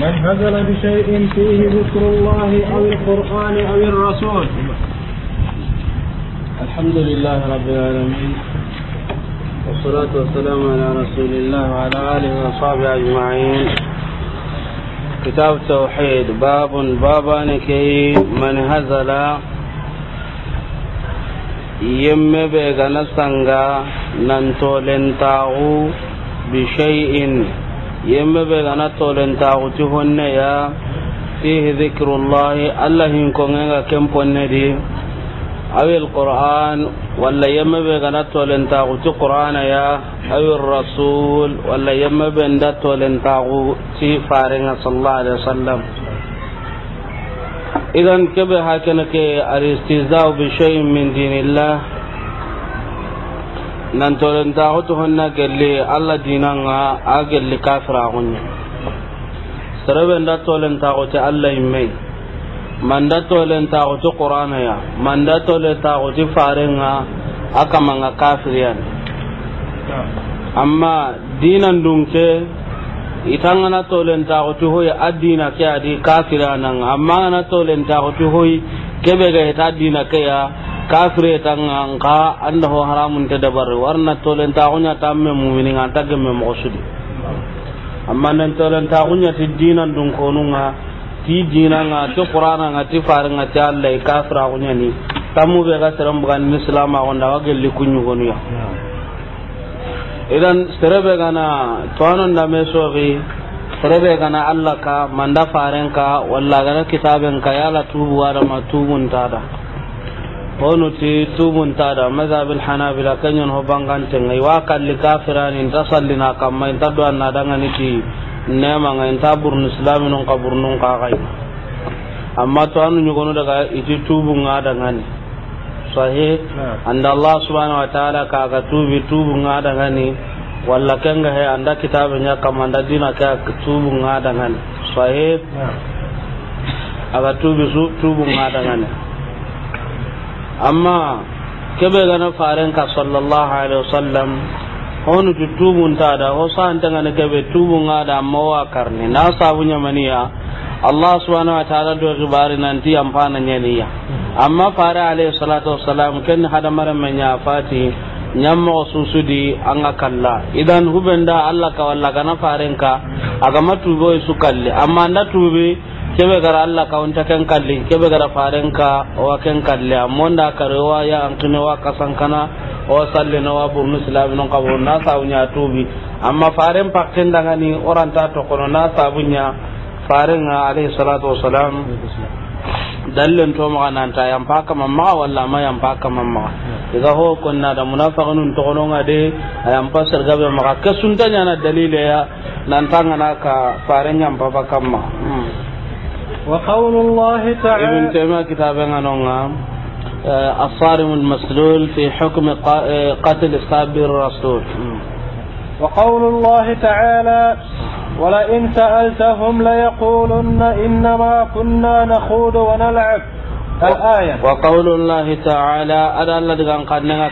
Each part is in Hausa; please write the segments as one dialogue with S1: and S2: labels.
S1: من هزل بشيء فيه ذكر الله أو القرآن أو الرسول الحمد لله رب
S2: العالمين والصلاة والسلام على رسول الله وعلى آله وصحبه أجمعين كتاب التوحيد باب بابا كي من هزل يم بيغنسنغا سنغا ننتو لنتاغو بشيء yemme be gana tolentaxuti honneya fihi dicrullahi allah hinkongenga ken ponne di awi alquran walla yemme be gana tolentaxuti qur'anaya awi rasul walla yemme be nda tolentaxuti farenga sallallahu alaihi wasallam idan kebe hakene ke alistizau bi shay'in min dinillah nan tolen taxutu honna gelli allah dinanga a gelli kafiraxuña serebe nda tolen taxuti allah man manda tolen taxuti qur'anaya manda ta taxuti farenga a kamanga kafiriyani amma dinan dunke itangana tolen taxuti hoy a dina ke adi nan amma ngana tolen taxuti hoy ga ta dina ya kafire tanga nka anda ho haramun ta dabar warna tolen ta kunya ta me mu'minin an ta gemme mo sudi amma nan tolen ta kunya ti dinan dun konunga ti dinanga to qur'ana nga ti faranga ta Allah kafira kunya ni tamu be ga seram bukan islam a wanda wa gelli kunyu gonu ya idan serebe gana tonon da me sogi serebe gana Allah ka manda farenka walla gana kitaben ka yala tubu wa da matubun tada honuti tumuntada mazhabil hanabila kanyon ho bangantenga iwa kalli kafirani inta sallina kamma inta duwanna danganiti nemanga inta burnu islami nun ka burnun kakai amma to anu nyugonu daga iti tubunga dangani sahi anda allah subhanahu wa ta'ala kaga tubi tubunga dangani walla kenga he anda kitabenya kamma anda dina ka tubunga dangani sahi aga tubi su tubunga dangani amma kebe gana faren ka sallallahu alaihi wasallam honu tu tubun ta da ho san tanga ne kebe tubun ga da amma karne na sabu nya maniya allah subhanahu wa ta'ala do gibari nan ti amfana nya niya amma fara alaihi salatu ken hada maran manya fati nyamma susudi anga kalla idan hubenda allah ka walla kana faren ka aga su kalli amma na tubi kebe gara Allah ka wanta kan kalli kebe gara faren ka wa kan kalli amma da karewa ya an tune wa kasan kana wa salli na wa burnu silami non ka na sabunya tubi amma faren pakin daga ni oranta to kono na sabunya faren alaihi salatu wassalam dallen to ma nan ta yan paka mamma walla ma yan paka mamma daga ho kunna da munafiqun to kono ngade ayan pasar gabe maka kasunta na dalile ya nan tanga na ka faren yan baba kamma hmm. وقول الله تعالى ابن تيمية كتابنا نعم الصارم المسلول في حكم قتل صابر الرسول
S1: وقول الله تعالى ولئن سألتهم ليقولن إنما كنا نخوض ونلعب
S2: الآية وقول الله تعالى أنا الذي كان قدنا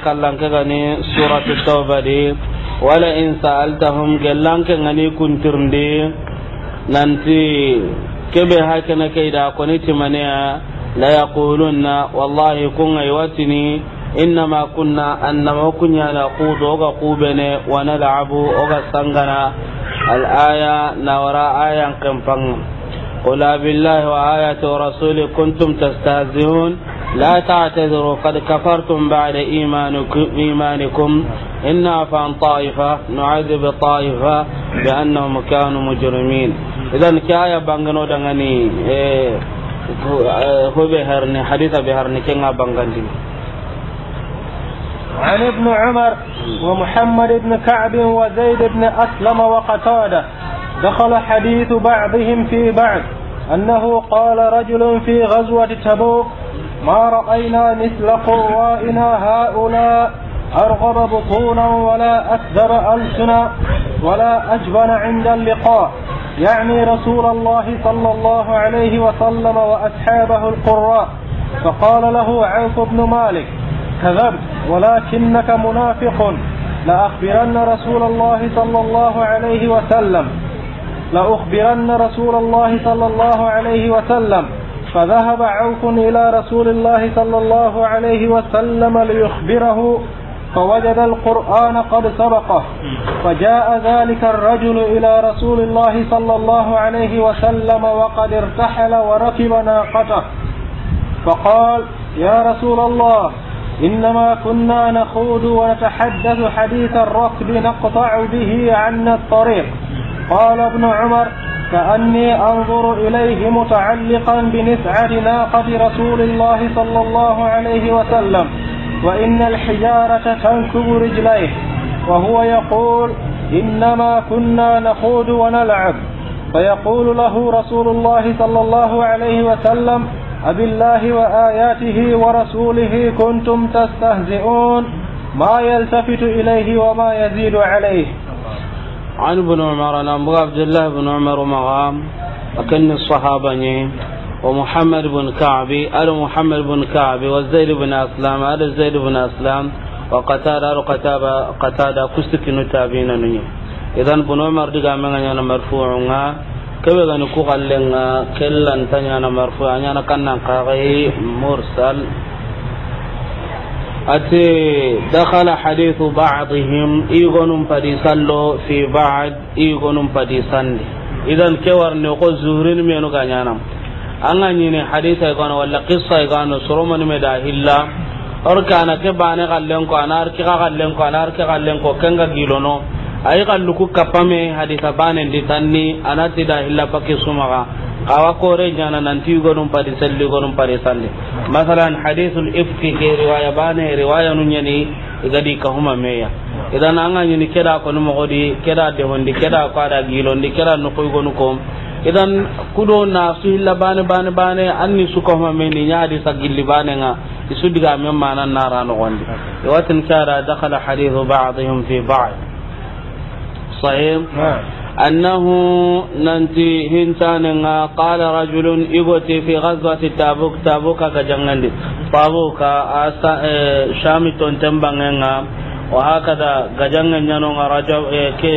S2: غني سورة التوبة دي ولئن سألتهم كلن غني كنترن دي ننتي kebe hakana kai da kone timaniya la yaqulunna wallahi kun aiwatini innama kunna annama kunya na kudo ga kubene wa nal'abu ga sangana al'aya na wara ayan kamfan قل بالله وآية ورسوله كنتم تستهزئون لا تعتذروا قد كفرتم بعد إيمانكم إن عفان طائفة نعذب طائفة بأنهم كانوا مجرمين idan كايا بانغنو bangano dangani بهرني حديث بهرني haditha be bangandi
S1: عن ابن عمر ومحمد بن كعب وزيد بن أسلم وقتادة دخل حديث بعضهم في بعض أنه قال رجل في غزوة تبوك ما رأينا مثل قرائنا هؤلاء أرغب بطونا ولا أكثر ألسنا ولا أجبن عند اللقاء يعني رسول الله صلى الله عليه وسلم وأصحابه القراء فقال له عوف بن مالك كذبت ولكنك منافق لأخبرن رسول الله صلى الله عليه وسلم لأخبرن رسول الله صلى الله عليه وسلم فذهب عوف إلى رسول الله صلى الله عليه وسلم ليخبره فوجد القرآن قد سبقه فجاء ذلك الرجل إلى رسول الله صلى الله عليه وسلم وقد ارتحل وركب ناقته فقال يا رسول الله إنما كنا نخوض ونتحدث حديث الركب نقطع به عنا الطريق قال ابن عمر كأني أنظر إليه متعلقا بنسعة ناقة رسول الله صلى الله عليه وسلم وإن الحجارة تنكب رجليه وهو يقول إنما كنا نخوض ونلعب فيقول له رسول الله صلى الله عليه وسلم أب الله وآياته ورسوله كنتم تستهزئون ما يلتفت إليه وما يزيد عليه
S2: عن ابن عمر أنا أبو عبد الله بن عمر مغام أكن الصحابة ومحمد بن كعب أل محمد بن كعب والزيد بن أسلام أل الزيد بن أسلام وقتال أل قتاب قتادة كستك نتابين نني إذن بن عمر دقا من أنا مرفوع كيف غني كوغال لنا كلا تاني أنا مرفوع أنا كنا قاغي مرسل أتي دخل حديث بعضهم إيغون فريسلو في بعض إيغون فريسلي إذن كوار نقول زهرين مينو غنيانم an ga nyine hadisa igano wala qissa igano soromani me da hilla kana ke bane kallen ko anar arki ka kallen ko ana arki kallen ko kenga gilono ayi kallu ku kapame hadisa bane ditanni anati da hilla pakki sumaga kawa kore nyana nanti gonum padi selli gonum padi salli masalan hadithul ifki ke riwaya bane riwaya nun yani igadi ka huma meya idan an ga nyini keda ko numo godi keda de wondi keda ko ada gilondi keda no koy gonu kom idan kudo na su hilla bane bane bane anni su ko ma meni nyaadi sagilli bane nga isu diga men manan nara no gondi e watin kara dakhala hadithu ba'dihim fi ba'd sahih annahu nanti hintane nga qala rajulun igoti fi ghazwati tabuk tabuka ka jangandi tabuka asa e, shami ton tembangenga wa hakada gajanga nyano nga rajab e, ke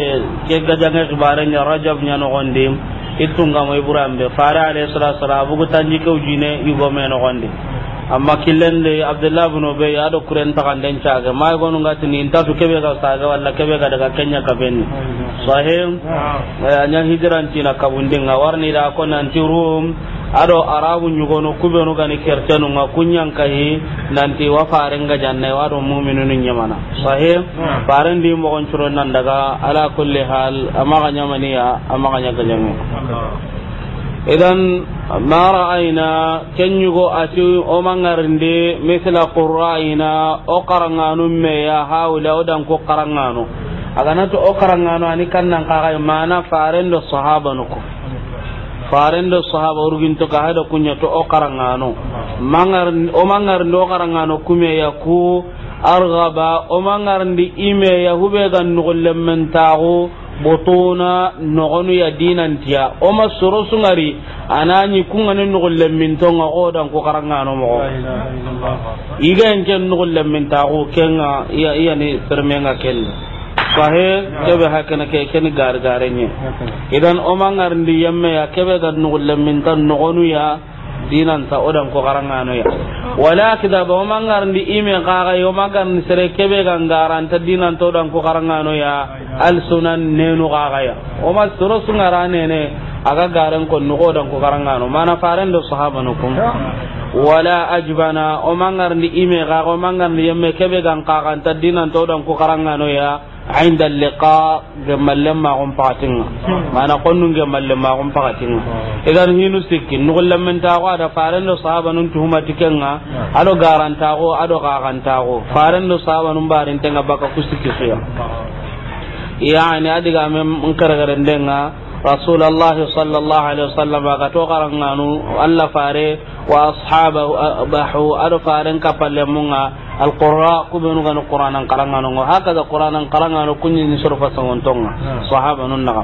S2: ke gajanga kibare nya rajab nyano gondi ittunga mo be fara alayhi salatu wassalam bugu tanji kawjine meno gonde amma killende abdullah ibn ubay ado kuren ta kan den ga ma gonu ngati ni inta su kebe ga saga walla kebe ga daga kenya ka benni sahim eh, anya hijran tina kabundin warni da ko nan ti rum ado arabu nyugono kubenu gani kertenu nga kunyan kahi nanti wa faren ga janne wa do mu'minu nin nyamana sahih hmm. faren di mo gon curo nan daga ala kulli hal amma ga nyamani ya amma ga nyaga jamu hmm. idan ma ra'ayna kenyugo ati o mangarnde misla qurra'ina o qaranganu me ya haula o dan ko qaranganu aga na to o qaranganu ani kannan kaga mana faren do sahaba nuko farendo sahaba urginto ka hada kunya to o karangano mangar o mangar ndo karangano kume ya ku arghaba o mangar ndi ime ya hube gan nugulle men tago botona nogonu ya dinantiya o ma soro sungari anani kungani nugulle min tonga o dan ku karangano mo igen ken nugulle min tago kenga ya yani permenga kenna sahe kebe hakana ke ken gar garenye idan o mangar ndi yamme ya kebe gad nugulle min tan nugonu ya dinan ta odan ko garangano ya wala kida ba o mangar ndi ime gaga yo mangar ni sere kebe gan garan ta dinan to odan ko garangano ya al sunan nenu gaga ya o ma soro sungara ne ne aga garan ko nugo odan ko garangano mana faran do sahaba no kum wala ajbana o mangar ndi ime gaga o mangar ndi yamme kebe gan kaga ta dinan to odan ko garangano ya عند اللقاء جمال لما قم فاتنا ما أنا قلنا جمال لما قم فاتنا إذا هينو سكين نقول لما نتاغو هذا فارن لو صحابة ننتهما تكنا أدو غاران تاغو أدو غاران تاغو فارن لو صحابة نمبارين تنغا بكا كستكي خيا يعني أدقى من منكر دنغا رسول الله صلى الله عليه وسلم غتو غرنانو الله فاري وأصحابه أبحو أدو فارن كفل Al-Qur'a kubenu gano Qur'an an kalanga no ngo hakaza Qur'an an kalanga no kunyi ni surfa songontong hmm. naga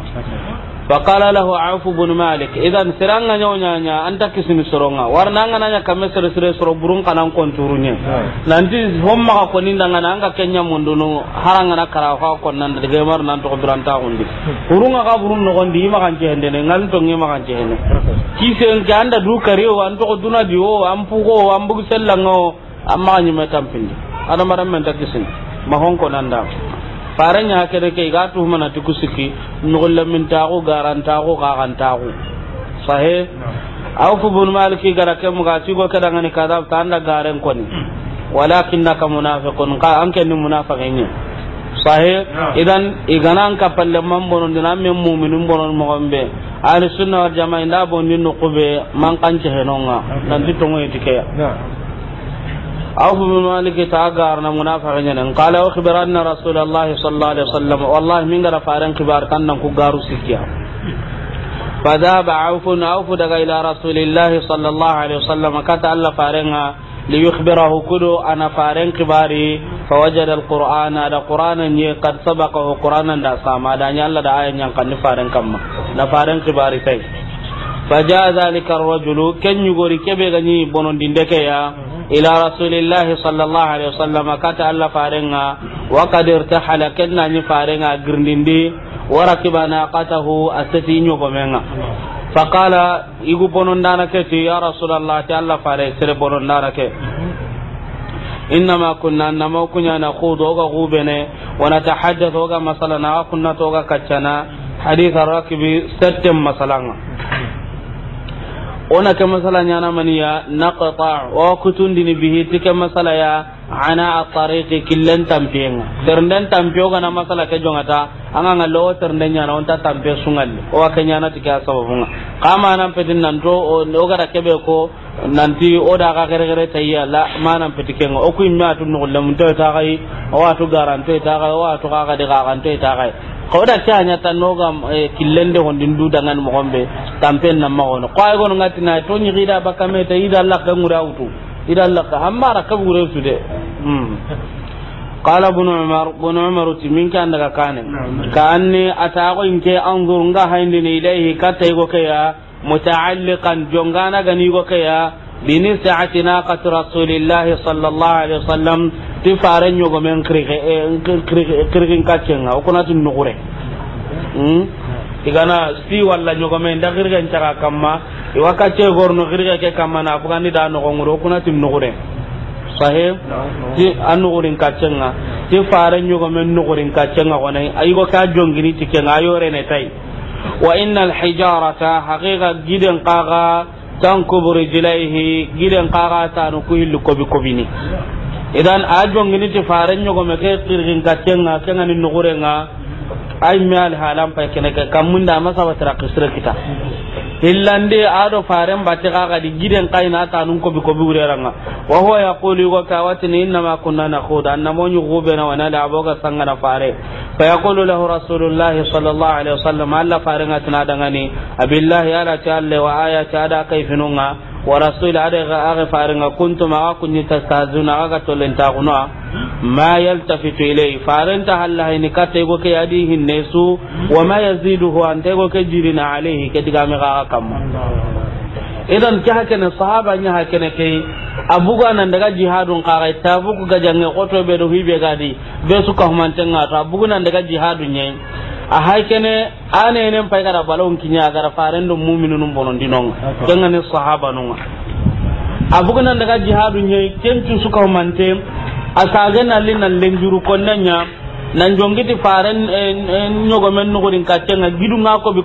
S2: fa qala lahu Auf ibn Malik idan siranga nyo nyanya anta kisini soronga warna ngana nya kamesere burung kanang konturunya hmm. nanti homma ka koninda angka Kenya mundu haranga na kara ka konnan de gemar burung to duranta undi burunga ka burun no ngondi ma kan jende ne ngal to ngema kan jende hmm. du kariyo anto duna diwo ampugo ambugu sellango amma ni me tampindi adam maram men takisin ma hon ko nanda faranya hakere ke ga tu mana tikusiki nugulla min tago garanta go ga ganta go sahe au fu bun maliki gara ke mu ga ci go ka kada ka da ta anda garen ko ni walakinnaka munafiqun ka anke ni munafiqin ni sahe idan iganan ka palle man bonon dina men mu'minun bonon mo gambe ahli sunna wal jamaa inda bonin no qube man kan ce henonga nan ditongo itike عوف بن مالك تاغارنا منافق نن قال اخبر ان رسول الله صلى الله عليه وسلم والله من غير فارن كبار كان كغارو سكيا فذاب عوف عوف دغ الى رسول الله صلى الله عليه وسلم كتا الله فارنها ليخبره كل انا فارن كباري فوجد القران هذا قران قد سبقه قرانا دا سما دا الله دا ايان ينقن فارن كما دا فارن كباري تاي فجاء ذلك الرجل كن يغوري كبه غني بونون ديندكيا ila rasulillahi sallallahu alaihi wasallam kata alla farenga wa qad irtahala kenna ni farenga girndindi wa rakiba naqatahu asati nyogomenga faqala igu bonon dana ke ti ya rasulullah ta alla fare sere bonon dana ke innama kunna annama kunya na khudu ga gubene wa natahaddathu ga masalana wa kunna to ga kaccana hadith ar-rakibi sattam masalanga ona ke masala nyana maniya naqta wa dini bihi tike masala ya ana atariqi killan tampiyenga terndan tampiyo gana masala ke jongata anga ngalo terndan nyana onta tampe sungal o wa kenyana tike asabunga kama nan pedin nan do o gara kebe ko nanti o da ga gere gere tayya la manan ngo o kuin ma tun ngulle to ta kai o wa to garanto ta kai o wa to ga ga de ga garanto ta kai kawda ke anya tan no gam eh, killende hondin du dangan mo gombe tampen nam ma ko ay gono ngati na to nyi gida bakame ta ida Allah ka ngura utu ida Allah ka amma ra ka ngura utu de hmm qala ibn umar ibn umar ti min kan daga kane ka anni ata ko inke anzur nga hayndini ka tay go kaya muta'alliqan jongana gani go ke bini sa'ati naqat rasulillahi sallallahu alaihi wa sallam ti fare nyogo men kirike eh, kirike kacenga o kunati nugure hmm igana si walla nyogo men da kirike ntaka kamma iwa kace gorno kirike ke kamma na ni da no ngoro kunati nugure sahe ti anugurin kacenga ti fare nyogo men nugurin kacenga kone ayigo ka jongini tike ngayo rene tai wa innal hijarata haqiqa gidan qaga tankubu rijlaihi gilen kaga tanu ku hillu kobi ni idan ajo ngini ti faran nyogo me ke kirgin katenga kenga ni nugurenga ay mi al halam pa kene ke kamun da masa wasra kisra kita hillande ado faren batte kaga di giden kaina ta nun ko bi ko bi ureranga wa huwa yaqulu wa kawatini inna ma kunna nakhuda anna monyu na wana da aboga sanga na fare fa yaqulu lahu rasulullahi sallallahu alaihi wasallam alla faren atna dangani abillahi ala ta'ala wa ayati ada kayfinunga wa rasul ada ga aga faringa kuntum ke adi hinne su wa ma yaziduhu an ke jirina ke idan ke hake ne sahaba kai daga jihadun ta buku ga jange koto be do hibe gadi be su ka ngata daga jihadun a haykene anenen pay gara balon kinya gara farendo mu'minun bonondi non kenga ne sahaba non a bugana daga jihadu nye kencu suka mante a sage na li na lenjuru konnenya nan jongiti faren eh, eh, nyogomen nugurin kattenga gidu nga kobi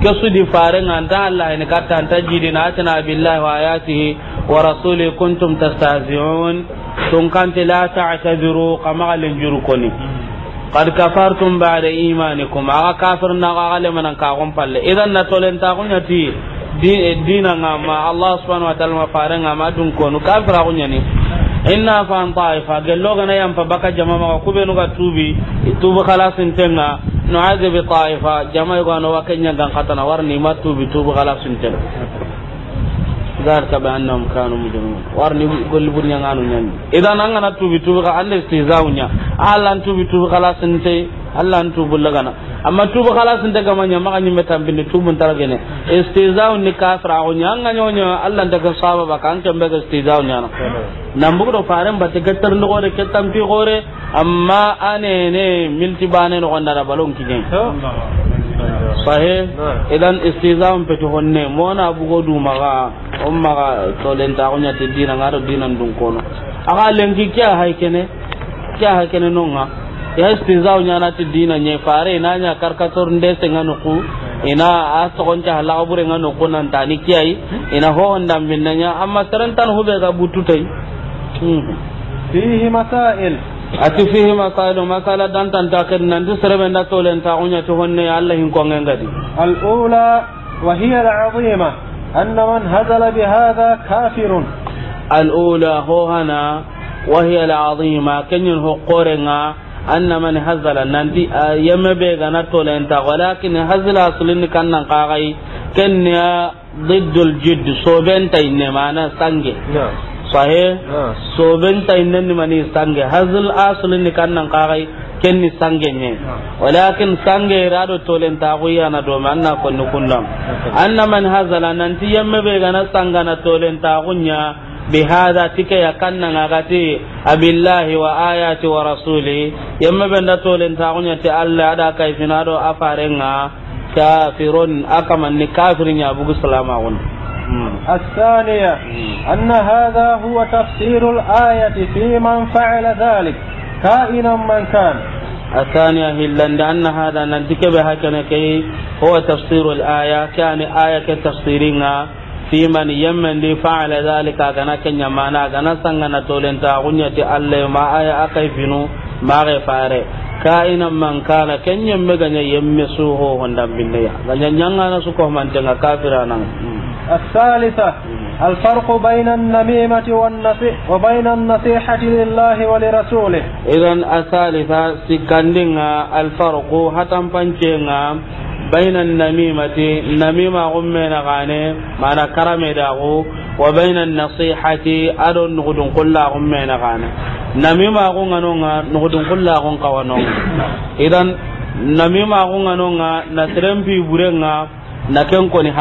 S2: ke su di faren anta Allah ne katta ta jidi na atana billahi wa ayatihi wa rasuli kuntum tastazi'un tun kanti la ta'tadiru kama lenjuru koni hmm. qad kafartum ba'da imanikum aga kafir na aga le ka gon palle idan na tolen ta gon yati dina allah subhanahu wa ta'ala ma fare ngama dun ko nu kafir agun yani inna fa an gello gana yam baka jama ma ku nuga nu ga tubi tubu khalasin tenga nu'azib ta'ifa jama go no wakanya gan katana warni matubi tubu khalasin tenga gar ka ba annam kanu mujrimun war ni golli bun nyanganu nyanni idan an ngana tubi tubi ka alle istizau allan tubi tubi khalas allan tubu lagana amma tubi khalas nte ga manya ma ganyi metam bin tubun taragene istizau ni kasra o nyanga nyo nyo allan daga saba ba kan tambe ga istizau nya na nambu do faren ba te gatter ndo gore ketam fi gore amma anene milti bane no ndara balon kigen fahe idan istizam peti honne mona bugo du maga on maga to len ta gonya te dina ngaro dina dun kono aga len lengi kya hay kene kya hay kene nonga ya istizam nya na te dina nye fare na nya karkator nde se ngano ku ina a sogon ta la bure ngano ku nan tani kiyai ina ho onda min nya amma tarantan hu be ga bututai hmm. fihi
S1: masail
S2: ati fihi masailu masala dantan ta kedna ndu serebe nda tolen ta unya to honne Allah hin ko gadi. al
S1: ula wa hiya al azima an man hadala bi hadha kafirun
S2: al ula ho hana wa hiya al azima kenyun ho nga an man hazala di yame be na tolen ta walakin hazala aslin kannan qagai kenya ضد الجد صوبين تين معنا سانجي نعم sahe ah. so ben ta ni mani sange hazl aslin ni kannan kagai ken ni sange nye ah. walakin sange rado tolen ta guya na do man na kunnu kunnam anna man hazala nan ti yamme be gana sanga na tolen ta gunya bi hada tike ya kannan agati abillahi wa ayati wa rasuli yamme be na tolen ta gunya ti alla ada kai finado afarenga kafirun akaman ni kafirin ya bugu salama
S1: الثانية أن هذا هو تفسير الآية في من فعل ذلك كائنا من
S2: كان الثانية هي لأن هذا ننتك بهكذا كي هو تفسير الآية كان آية تفسيرنا في من يمن فعل ذلك أغنى كن يمانا أغنى سنغنى تولين تاغنية اللي ما آية أقيفنو ما غفاره كائنا من كان كن meganya yemme suho hondan binne ya ganyan nyanga na suko man tanga
S1: الثالثة الفرق بين النميمة والنصيحة وبين النصيحة لله ولرسوله
S2: إذن الثالثة سكندنا الفرق هتم بانشينا بين النميمة نميمة غمينا غاني معنا كرمي داغو وبين النصيحة أدون نغدون كل غمينا غاني نميمة غنغنونغا نغدون كل غنقوانونغا إذن نميمة غنغنونغا نسرم في برنغا نكن كوني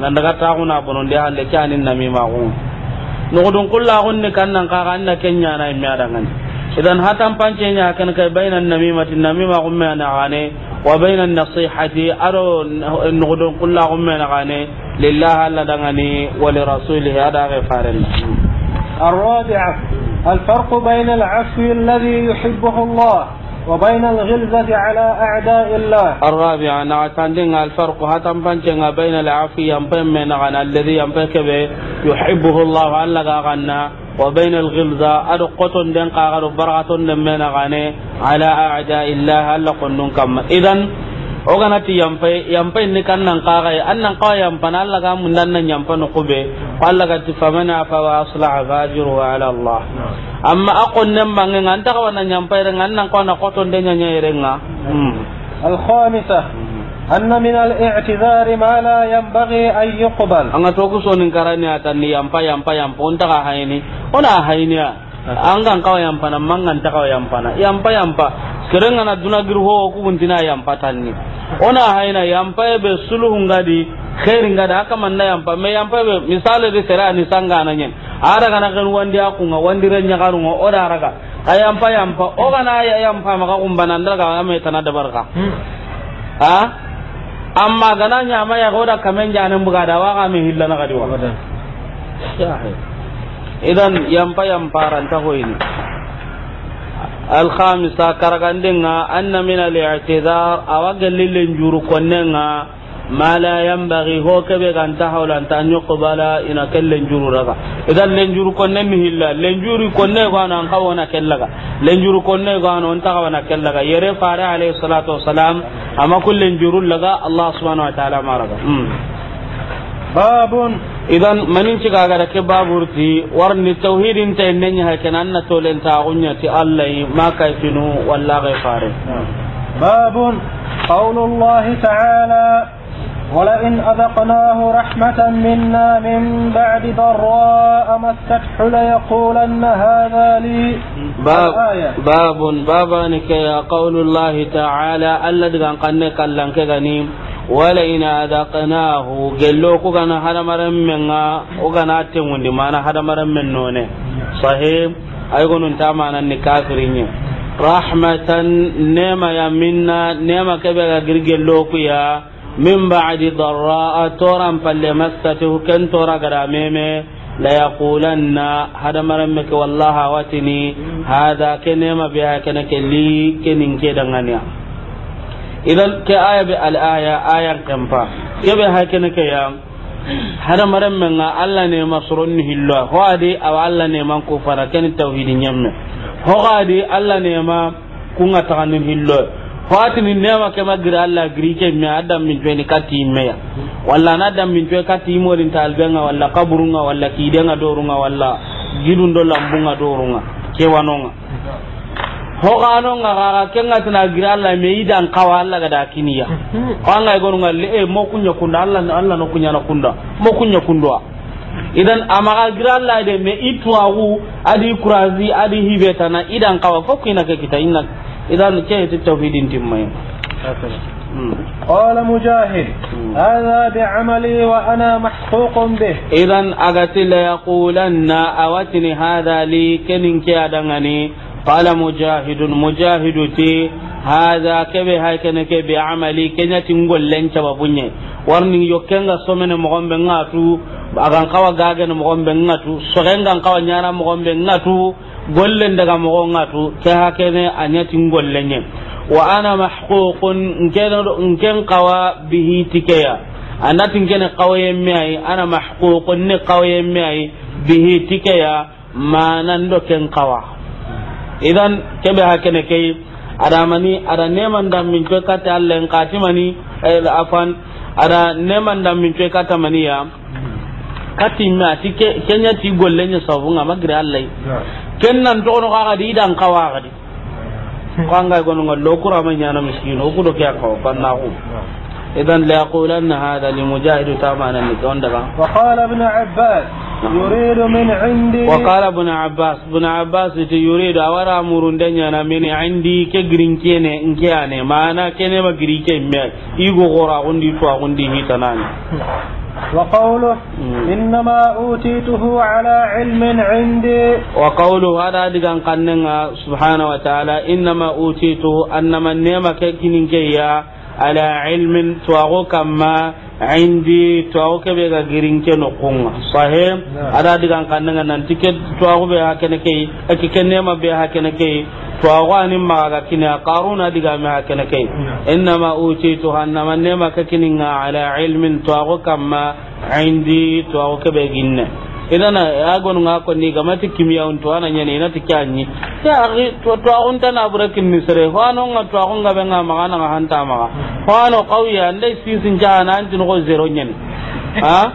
S2: nan daga ta kuna bonon da halle kani namima ku no don kulla gunni kan nan ka kan kenya na mi adangan idan hatan pance nya kan kai bainan namimati namima ku me na gane wa bainan nasihati aro no don kulla ku na gane lillahi alla dangani wa li rasulih ada ga faran
S1: الرابعة الفرق بين العفو الذي يحبه الله وبين الغلظة على أعداء الله
S2: الرابعة نعتندين الفرق هتم بانتين بين العفو ينبين من غنى الذي ينبيك به يحبه الله أن لغا غنى وبين الغلظة أرقة دين قاغر برغة من غنى على أعداء الله ألا قنن كم إذن o gana ti yampai yampai ni kan nan kaga e. an nan kawa yampan Allah ga mun nan yampan ko be Allah ga ti famana fa wa asla fajru ala Allah amma akon nan mangen an ta kawa nan yampai ren an nan kawa na koton de nyanya renga al khamisah أن من الاعتذار ما لا ينبغي أن يقبل أنا توكسون ni أتني يمبا يمبا يمبا أنت هايني ولا هايني angan yang yampana mangan yang ta kawa yampana yampa yampa serenga na dunagir ho ku yang pa tani ona hai na haina yampa be suluhu ngadi khairin ngadi mana yang pa me yang pa be misalnya di sera ni sanga nanye ara kana kan wandi aku nga wandi ren nyakaru nga ora araga ayampa yampa o kana ya yampa maka kumbana ndaga ame tanada barka hmm. ha amma gana nyama ya goda kamen janen buga da wa ka me hillana kadi wa ya idan yampa yamparan ta hoyni alhamisa karagandenga anna min al-i'tidar awagalli lenjuru konnenga ma la yanbaghi ho kebe ganta hawla anta nyuqbala ina kellen juru raga idan lenjuru konne mi hilla lenjuru konne ko an kawo na kellaga lenjuru konne ko an on tawa na kellaga yere fara alayhi salatu wassalam amma kullen juru laga allah subhanahu wa ta'ala maraga hmm. babun idan manin ci ga gara ke baburti warni tauhidin ta ne nya hakan an na tolen ta gunya ti Allah ma kai finu wallahi fare
S1: babun qaulullahi ta'ala ولئن أذقناه رحمة منا من بعد ضراء مسته ليقولن هذا لي
S2: باب باب أنك يا قول الله تعالى الذي كان قنك لنك غنيم ولئن أذقناه قلوك كنا هذا مرم منا وكنا تمون ما أنا هذا مرم من نونه صحيح أيقون أنت معنا نكافرين رحمة نعمة منا نعمة كبيرة قلوا كيا min ba'di darra toran palle massatu ken tora gara meme la yaqulanna hada maran meke wallahi watini hada kenema biha kana kelli kenin ke dangania idan ke aya bi al aya ayan kampa ke be hakene ke ya hada maran nga Allah ne masrun hillo ho adi aw Allah ne man ku fara ken tauhidin yamme ho adi Allah ne ma ku kunga taganin hillo fatini nema kema giri allah giri ke mi a min cuweni katti immeya walla ana dan min cuwe katti imorinta albenga walla kaburunga walla kidenga dorunga walla gidun do lambunga dorunga kewanonga hoganonga kaka kengatina giri allah me idan kawa allah gada kiniya koanga igonunga le e mo kunya kunda allah allah no kunyana kunda mo kunya kundua idan amaga giri allah de me itwagu adi kurasi adi hibetana idan kawa fokkinake kita inna idan ke ti tauhidin timmai
S1: قال مجاهد هذا بعملي وأنا محقوق به
S2: إذا أغت ليقولن أوتني هذا لي كننك أدنني قال مجاهد مجاهد تي هذا كبه هاي كنك بعملي كنة تنقل لن تبابني warni yokken ga somene mogon be ngatu agan kawa gagen mogon be ngatu sogen gan kawa nyana mogon be ngatu gollen daga mogon ngatu ke hakene anyatin gollen yen wa ana mahququn nken qawa bihi tikaya anatin kene qawaye mai ana mahququn ne qawaye mai bihi tikaya manan do ken qawa idan kebe hakene kai adamani ada neman da min to kata Allah en katimani e, afan ada neman da min to kata mani ya ma tike kenya ti gollen sabunga magre allai kennan to no kaga didan kawaga di kanga hmm. gono ngal lokura ma na miskin o kudo kya kaw kanna hu hmm. idan la yaqulanna hada li mujahid tamana ni gonda ba
S1: wa qala ibn abbas yuridu min indi wa qala
S2: ibn abbas ibn abbas ti yuridu awara murun min indi ke kene mana kene gondi to gondi وقوله انما اوتيته على علم عندي وقوله هذا دغان قننا سبحانه وتعالى انما اوتيته أنما النعمة كيكين كيا على علم تواغو كما عندي تواغو كبيرا جرين كنقونا صحيح هذا دغان قننا ننتكد تواغو بها كنكي اكي كنعمة بها كنكي ga kini a karuna diga ma kana kai to hannu hannama nema ka nga ala ilmin tawo kamma indi tawo ka ina. ginne idan agon nga ko ni gamati kimiya on to ana nyane ina tikanyi ta ari to to on ta na burakin ni sere nga to on ga be nga magana nga hanta ma hoano qawiya ndai sisin an antin ko zero nyen ha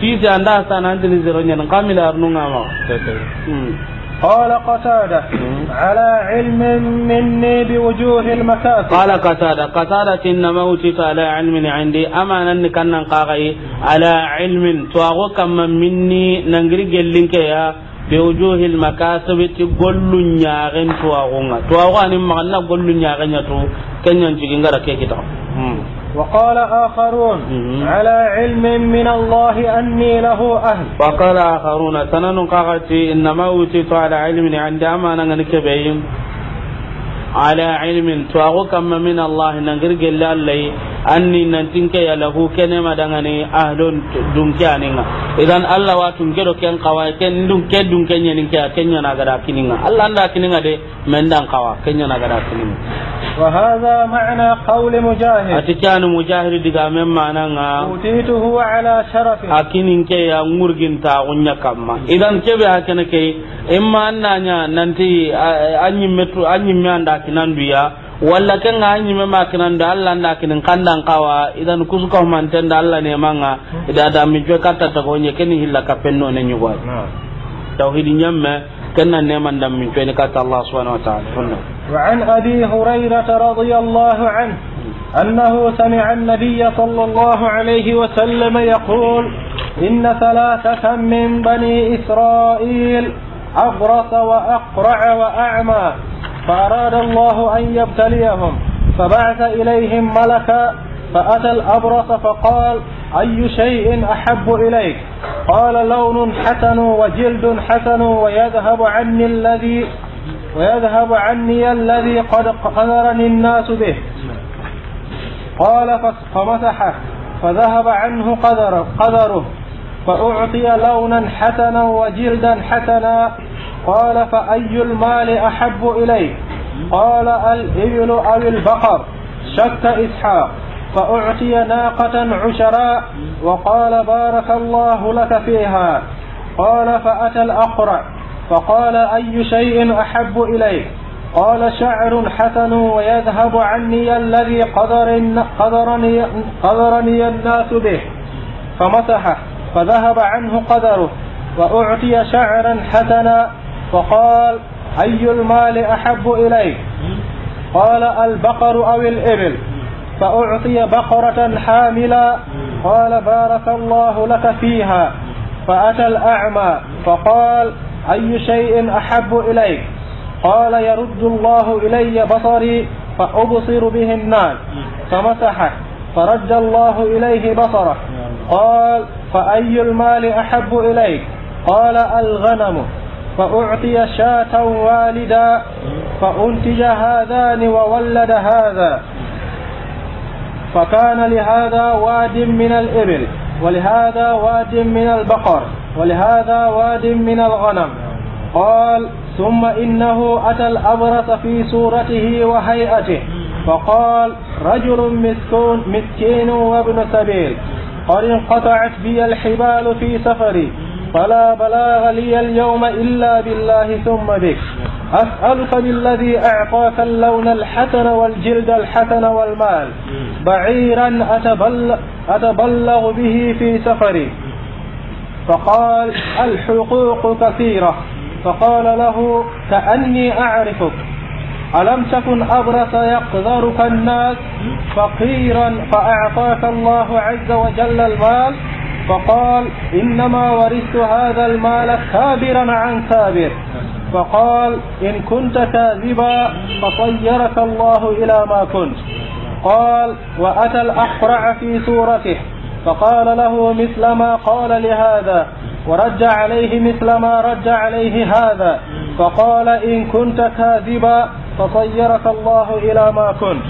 S2: sisi anda sana antin zero nyen kamila arnu nga ma
S1: قال قتادة على علم مني بوجوه المكاسب
S2: قال قتادة قتادة إن موتك على علم عندي أما أنك كان قاغي على علم تواغوك من مني ننجري لك يا بوجوه المكاسب تقول نياغن تواغونا تواغو أني مغنى قول نياغن يتو كن ينجي غير كيكتا
S1: وقال آخرون
S2: على علم من الله أني له أهل وقال آخرون سنن قاغتي إنما أوتيت على علم عند أمانا نكبعين على علم تواغو كما من الله نغير جل الله أني ننتنك يله كنما دغني أهل دنكانينا إذن الله واتن كدو كن قوا كن دن كن دن كن ينك كن ينا غدا الله الله كنينا دي من دان قوا كن ينا غدا كنينا
S1: وهذا معنى قول مجاهد
S2: أتكان مجاهد دغا من معنى أوتيته على شرف أكنين كي يمرغن تاغنيا كما إذن كبه هكذا كي إما أننا ننتي أني متو أني ميان kinan duya walla kan ga anyi ma kinan da Allah na kinan kandan kawa idan kusuka man tan da Allah ne manga ida da mi jo kata ta gonye kini hilla ka penno ne nyugo tauhid nyamme kenna ne man dam mi jo ne kata Allah subhanahu wa ta'ala
S1: wa an abi hurairah radiyallahu anhu أنه سمع النبي صلى الله عليه وسلم يقول إن ثلاثة من بني إسرائيل أغرس وأقرع وأعمى فأراد الله أن يبتليهم فبعث إليهم ملكا فأتى الأبرص فقال أي شيء أحب إليك قال لون حسن وجلد حسن ويذهب عني الذي ويذهب عني الذي قد قدرني الناس به قال فمسحه فذهب عنه قدره, قدره فأعطي لونا حسنا وجلدا حسنا قال فأي المال أحب إليك قال الإبل أو البقر شك إسحاق فأعطي ناقة عشراء وقال بارك الله لك فيها قال فأتى الأقرع فقال أي شيء أحب إليك قال شعر حسن ويذهب عني الذي قدر قدرني, قدرني الناس به فمسحه فذهب عنه قدره وأعطي شعرا حسنا فقال أي المال أحب إليك قال البقر أو الإبل فأعطي بقرة حاملة قال بارك الله لك فيها فأتى الأعمى فقال أي شيء أحب إليك قال يرد الله إلي بصري فأبصر به الناس فمسحه فرد الله إليه بصره قال فأي المال أحب إليك قال الغنم فأعطي شاة والدا فأنتج هذان وولد هذا فكان لهذا واد من الإبل ولهذا واد من البقر ولهذا واد من الغنم قال ثم إنه أتى الأبرص في صورته وهيئته فقال رجل مسكون مسكين وابن سبيل قد انقطعت بي الحبال في سفري فلا بلاغ لي اليوم إلا بالله ثم بك أسألك بالذي أعطاك اللون الحسن والجلد الحسن والمال بعيرا أتبلغ, أتبلغ به في سفري فقال الحقوق كثيرة فقال له كأني أعرفك ألم تكن أبرص يقذرك الناس فقيرا فأعطاك الله عز وجل المال فقال إنما ورثت هذا المال خابرا عن خابر فقال إن كنت كاذبا فطيرك الله إلى ما كنت قال وأتى الأحرع في سورته فقال له مثل ما قال لهذا ورج عليه مثل ما رج عليه هذا فقال إن كنت كاذبا فطيرك الله إلى ما كنت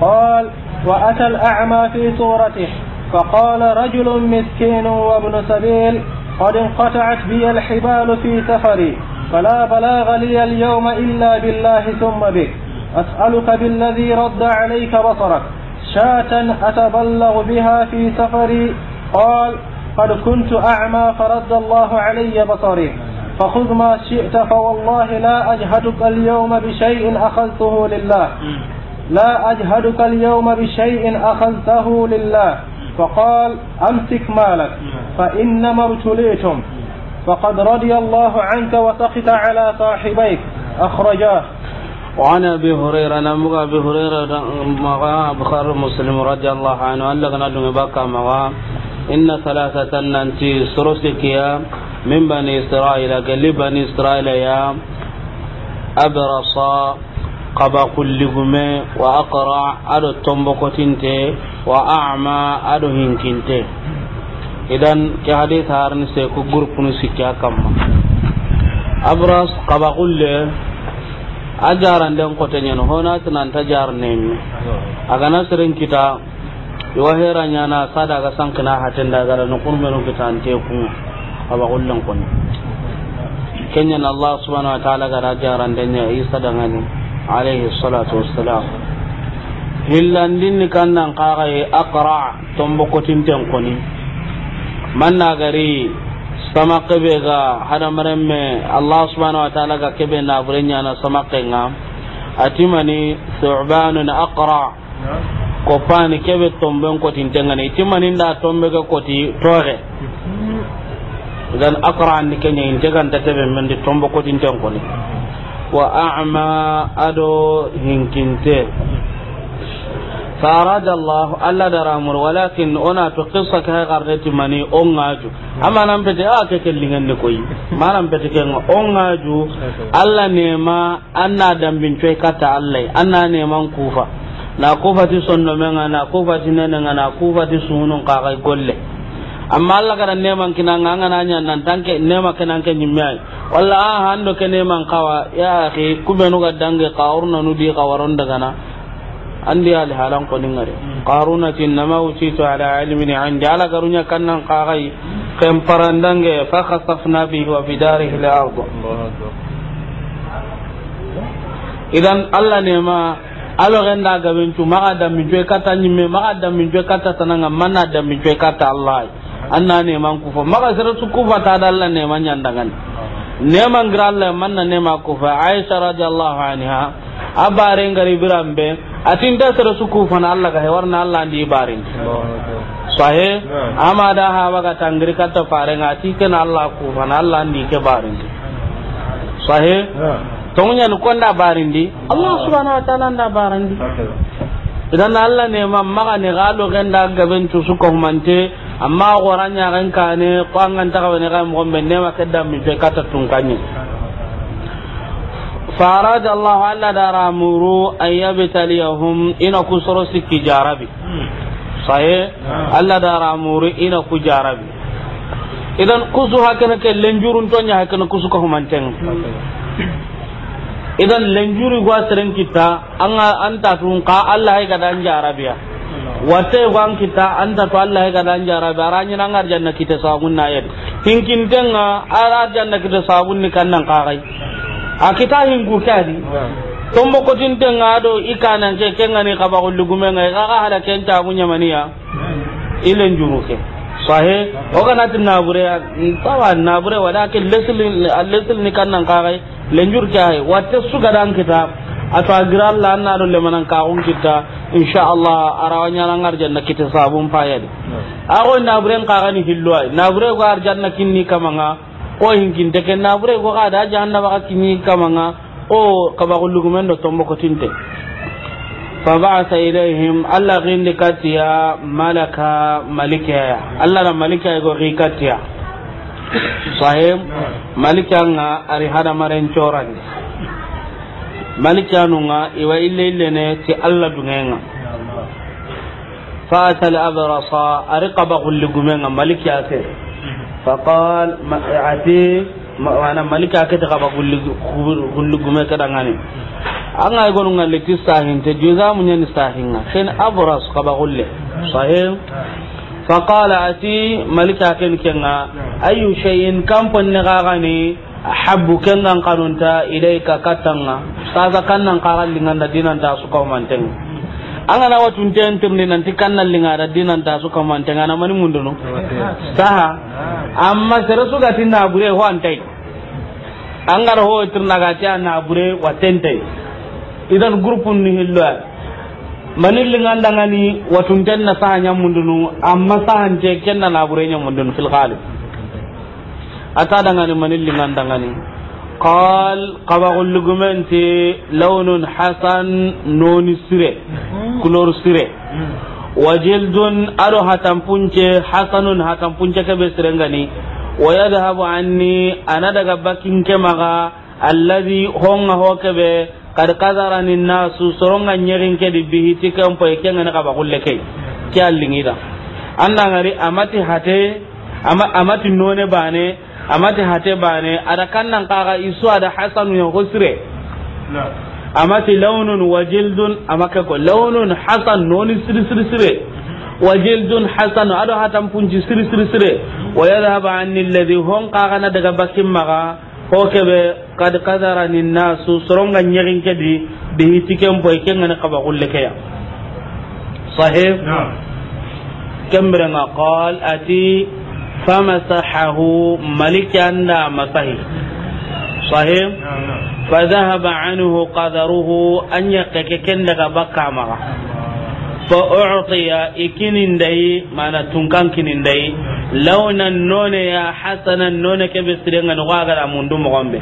S1: قال وأتى الأعمى في صورته فقال رجل مسكين وابن سبيل قد انقطعت بي الحبال في سفري فلا بلاغ لي اليوم إلا بالله ثم بك أسألك بالذي رد عليك بصرك شاة أتبلغ بها في سفري قال قد كنت أعمى فرد الله علي بصري فخذ ما شئت فوالله لا أجهدك اليوم بشيء أخذته لله لا أجهدك اليوم بشيء أخذته لله فقال أمسك مالك فإنما ابتليتم فقد رضي الله عنك وسخط على صاحبيك أخرجاه
S2: وعن ابي هريره نمغ نعم، ابي هريره مغا بخار مسلم رضي الله عنه ان لغنا دم بكى مغا ان ثلاثه ننتي يا من بني اسرائيل قال بني اسرائيل يا ابرصا قبا كل وأقرع على التنبقتين wa a'ma ado hinkinte idan ke hadith harni se ku group nu sikya kamma abras qaba qulle ajaran den ko no hona tanan tajarne ni aga nasirin kita wa heranya na sada ga sankina hatin da gara no kun menu kita ante ku qaba qullan kun kenyan allah subhanahu wa ta'ala ga ajaran den ya isa dangani alayhi salatu wassalam hillandin ni kan nan kaka ye akara tombo kotin ten koni man na gari sama kebe ga hada maremme allah subhanahu wa ta'ala ga kebe na burenya na sama kenga su'banu na aqra ko pani kebe tomben kotin ten ngani timani da tombe ga koti tore dan akara ni kenya in jagan ta tebe men di tombo kotin ten koni wa a'ma ado hinkinte فأراد dala ألا درامر ولكن أنا تقصة كهغرنة مني أنغاجو أما نمبت آكا كلنغن نكوي ما نمبت كنغ أنغاجو ألا نيما أنا دمبن شوي كتا ألاي أنا نيما كوفا na kufati sonno menga na kufati nenenga na kufati sunun kakai golle amma Allah kada neman kina nganga nanya nan tanke nema kina ke nyimmai walla a ah, hando ke neman kawa ya akhi kubenu ga dange kawurna nudi kawaron daga na andi al halan ko ningare qaruna hmm. tin nama utitu ala ilmin indi ala garunya kannan qagai kem parandange fa khasafna bi wa darihi al ardh idan allah ne ma alo genda gaben tu ma adam min je kata me ma adam min je kata tananga manna adam min je kata allah anna ne man kufa maka sira su kufa ta da allah ne man yandangan
S3: hmm.
S2: ne man gra man manna ne ma kufa aisha radhiyallahu anha abare ngari birambe atin da sara suku fana Allah ga warna Allah ndi barin sahe amada ha waga tangri kata fare ti ken Allah ku fana Allah ndi ke barin sahe tonya nu konda barin di Allah subhanahu wa ta'ala nda barin di idan Allah ne ma maga ne galo da gaben tu suku mante amma goranya kan kane ko ta ga ne ga mo ne ma kedda mi fe kata tun فأراد الله ألا دار أمرو أن يبتليهم إن كسر سك جاربي صحيح ألا دار أمرو إن كجاربي إذن كسو هكذا كاللنجور تونيا هكذا كسو كهمانتين إذن لنجوري غاسرين كتا أنت تنقى ألا هكذا جاربيا wate gwan kita anta to Allah ga dan jara barani nan arjanna kita sabun na yad hinkin denga ara arjanna kita sabun ni kannan kakai a kita hingu kadi tombo kotin tenga do ikana ke kengani kaba lugume ngai kaka hada kenta abunya mania hmm. ilen ke. sahe o kana tin nabure tawa nabure wada ke lesil lesil ni kannan kaga lenjur ke hay watte suga dan kita atwa giral la na do manan ka on kita insha Allah arawanya na ngar janna kita sabun payade
S3: hmm.
S2: ago nabure kaga ni na bure ko ar janna kinni kamanga ko hinkin te ken nabure ko kada janna ba kinyi kamanga o kaba ko lugumen do tombo ko tinte fa ba'sa ilaihim alla ghinni katiya malaka malikaya alla na malikaya go ri katiya sahem malikanga ari hada maren choran malikanu nga iwa ille ille ne ti alla dungenga fa'sal abrasa ari kaba ko lugumen malikaya se فقال عتي وانا ملكا كتا غبا كل غمي كدا غاني anga gonu ngalle ti sahin te juza mun yani sahin ken abras qaba gulle sahih fa qala ati malika ken kenga ayu shay'in kam pon ne gani habbu ken ngan kanunta ilayka katanga saza kan nan qaral lingan da dinan ta su ko manteng angana watun ten tirni nanti kannan lingara dinan ta su kaman ngana mani munduno saha amma sere su gatin na bure ho antai angar ho tirna gati na bure watentai idan grupun ni hilwa mani linganda ngani watun ten na saha nyam munduno amma saha je kenna na bure nyam munduno fil ghalib ata dangani mani linganda ngani qaal qabaxullugumente lawnun xasan nooni sire clor sire wa jildun aɗo hatanpunce xasanun hatanpunce keɓe sirengani wa yadhabu anni ana daga bakkinke maxa alladi honga ho keɓe kad kadarani nasu soronga ñerinkeɗi bihiti kempo ye kengani xaɓaxulle key ke a liŋita andangari amati hate amati none bane amma ta hate bane ada kannan kaga isu da hasanu ya husre ta launun wajildun amma ka ko launun hasan noni siri siri sire wa hasan ado hatan punji siri siri sire wa yadhhabu anni alladhi hon kaga na daga bakin maka. ko kebe kad nin nasu soronga nyirin kedi bihi hitiken boy ngana kaba kulle kaya sahih nga qal ati sakamasa hahu Malik Cenda Masahy fadhan bacanuhu qadaruhu anyi akekele da ka ma fa Ocurtiyya ekinidai maana tunkan kinidai launan nonaya Xasanan nona kebe sirenena kow ake da mun du ma komai.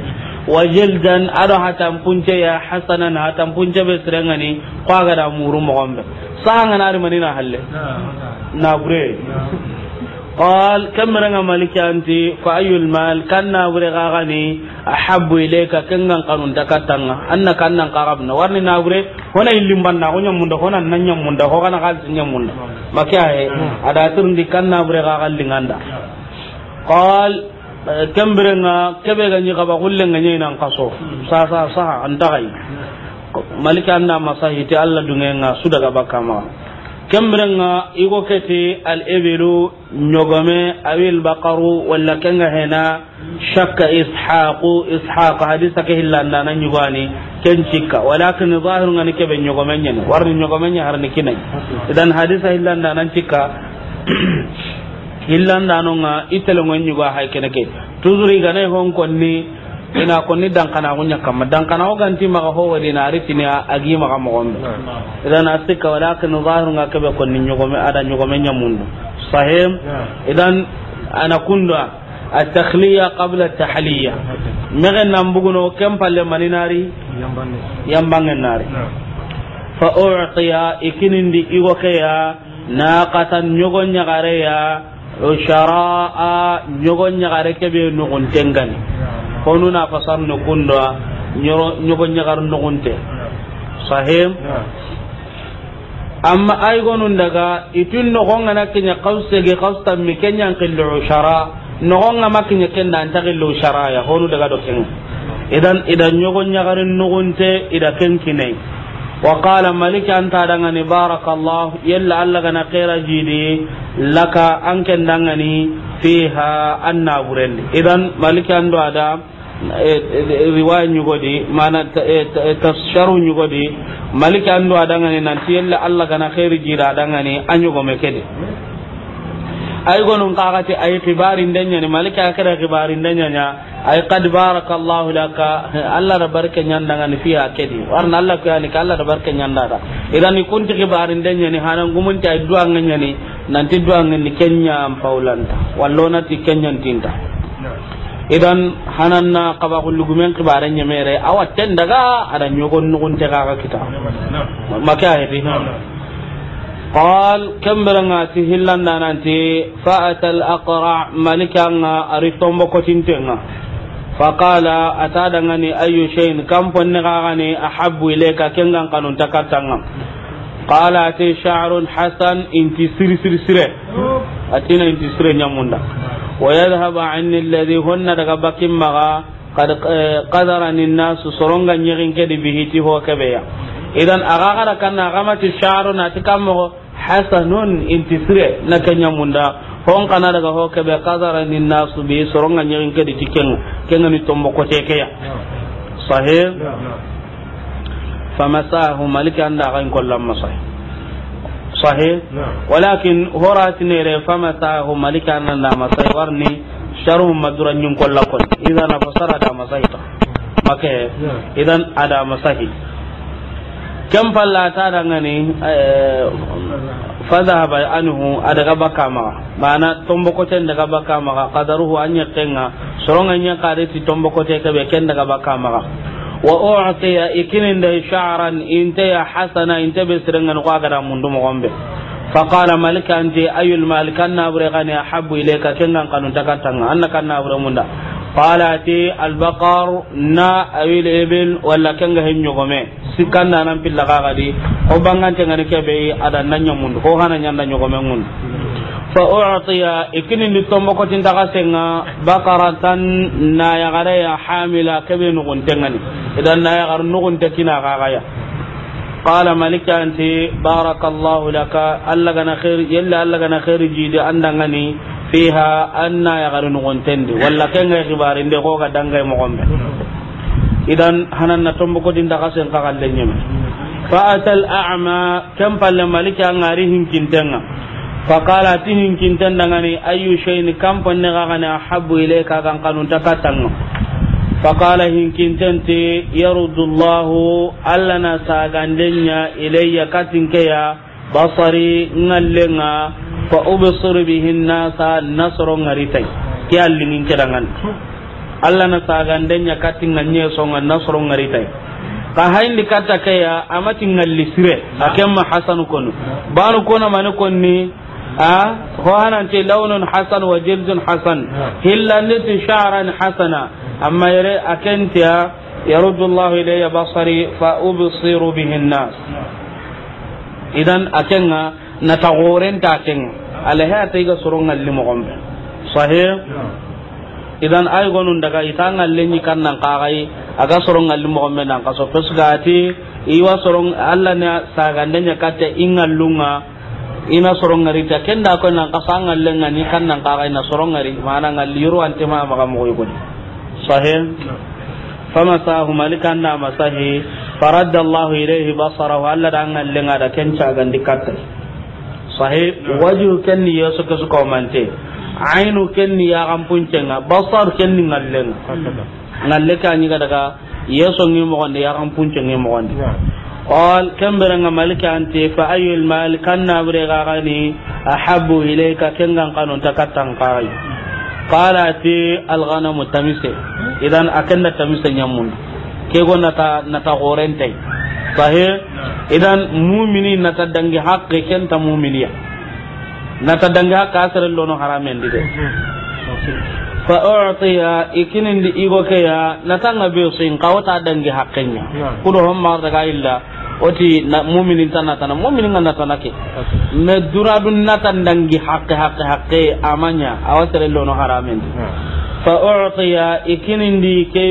S2: Wajen dan alufatan kuncaya Xasanan atan kunce ba sirenena kow ake da mun du ma komai. ngana ari ma ni na a قال كم رنا مالك أنت فأي المال كان نابر غاغني أحب إليك كن قانون دكتنا أن كان قربنا ورني نابر هنا اللي بنا هنا منده هنا نني منده هنا قال نني منده ما كياه ada turun di kan nabure gagal dengan da qal kambere nga kebe ga nyi gaba kulle nga nyi nan kaso sa sa sa an dagai malika anda masahiti alla dungenga sudaga bakama kemrenga igo al ibilu nyogome awil baqaru kenga hena shakka ishaqu ishaq hadisa ke hillanda nan yugani ken cikka walakin zahirun ngani kebe nyogome nyen warni nyogome nyen harni kinai idan hadisa hillanda nan cikka itelo ina ko ni dan kana gunya kam dan kana o ganti ma ho wadi na riti ni agi ma ga mo idan asika wala kan zahir nga ka be ko ni nyugo me ada nyugo me nyamundo sahim idan ana kunda at-takhliya qabla at-tahliya ah. mege nam buguno kem palle maninari yambangen nari fa u'tiya ikinin di igo ke ya naqatan nyugo nyagare ya shara'a nyugo nyagare ke be no na fasar no kunda nyoro nyogo nyagar no gunte sahim amma ay gonun daga itun no gonga na kinya qawse ge qawsta mi kenya qillu ushara no gonga kinya kenda anta qillu shara ya honu daga do kenu idan idan nyogo nyagar no gunte ida kenki kinai وقال ملك أنت دعاني بارك الله يلا الله غنا خير جدي لك أنك دعاني فيها أن أبرن ملك أنت هذا riwaya mana tasharu andu adangani nanti jira adangani ay gonun kaxati ay danya ni malika malike a danya nya ay qad barakallahu laka allah da barke nyanda ngani fiha kedi warna allah kuyani yani allah da barke nyanda da idan ni kunti danya ni hanan gumun duan nganya ni nanti duan ngani kenya am paulanta wallona ti kenya kenñantinta idan hanan na qaba kullugumen kibaren ya mere awatten daga adan yogon nugun te kaga kita maka ya قال كم برنا تهلا نانتي فأتى الأقرع ملكا أريتم بكتنتنا فقال أتادنني أي شيء كم فنغاني أحب إليك كنغان قانون تكتنا قال أتي شعر حسن انتي سري سري سري أتينا انتي سري نمونا ويذهب عني الذي هن دقبك مغا قد قدرني الناس سرونغا نيغين كدي بهيتي هو كبيا إذن أغاغا كان أغامة الشعر ناتي كم hasanun intisire na kanya munda hon kana daga ho ke be qadara nin nasu bi soronga nyen ke di tiken kenga ni tombo ko te ke ya sahih famasahu malika anda ga kollam lam sahih sahih walakin horat ne re famasahu malika anda masai warni sharu madura nyin kollakon idan fasara da masai ta make idan ada masahi كم فلا تارغني فذهب عنه ادغا بكاما ما معنى تومبوكوتين دغ بكا ما قدره ان يقنا سرون ان يقارتي تومبوكوتين كبه كن دغ بكا ما وأعطي إكن ده شعرا انت يا حسنا إنت بسرنغن قاقرا من دم غنبه فقال مالك أنت أي المالك أنا احب اليك كن كنغن قانون تكتنغ أنا كنا أبرغ qalati albakar na awil ibil walla kanga hen nyogome sikanna nan pilla kaga di o bangan tanga ne kebe ada nan mun ko hana nyanda nyogome mun fa u'tiya ikini ni tombo ko tinda ka senga baqaratan na ya gare ya hamila kabe no gon tanga ni idan na ya gar no gon tekina kaga ya qala malika anti barakallahu laka alla gana khair yalla alla gana khair jidi andangani fiha anna ya garin gontendi walla ga khibarin de ko ga danga mo gombe idan hanan na tombo ko din daga sen ka galle nyem fa atal a'ma kam palle malika ngari hin kintenga fa qala tin hin kinten ngani ayu shayn kam panne ga kana habbu ilayka kan kanun takatanga fa qala hin kinten ti allah allana sagandenya ilayya katinkeya basari ngallenga fa ubsir bihin nasa nasron ngaritai ke allingin kedangan Allah na sagandenya katin nganye ngan nasron ngaritai ka hain di kata kaya amati ngalli sire ma hasan kono baru kono man konni a hohananti launun hasan wa jilzun hasan hillaniti sha'ran hasana amma yare akentiya yaruddu allahu ilayya basari fa ubsiru bihin nnas idan akenga natagorenta kenga. alaha ha ta ga soron ngalli mo gombe sahih idan ay gonun daga itanga kan kannan kakai aga soron ngalli mo gombe nan kaso pesgati iwa soron alla ne sagandanya katta ingallunga ina soron ngari ta kenda ko nan kasanga lenga ni kannan kakai na soron ngari mana ngalli yuru ante ma maka mo yugo sahih famasahu malikan na masahi faradda Allah ilaihi wa Allah da an lenga da kenca gandi katta sahih wajhu kenni ya suka suka mante ainu kenni ya kampun cenga basar kenni ngallen ngalle ka ni daga yeso ngi mo ya kampun cenga mo gonde qal malika fa ayul mal kanna bure ga gani ilayka kengan takatan qala ti al ghanam tamise idan akanna tamise sahih idan mumini na ta dangi haqqi kenta muminiya na ta dangi haqqa asar lono haramen dide fa ikinin igo ke ya na tanga be dangi daga illa oti na ke me duradun na dangi amanya lono fa ikinin ke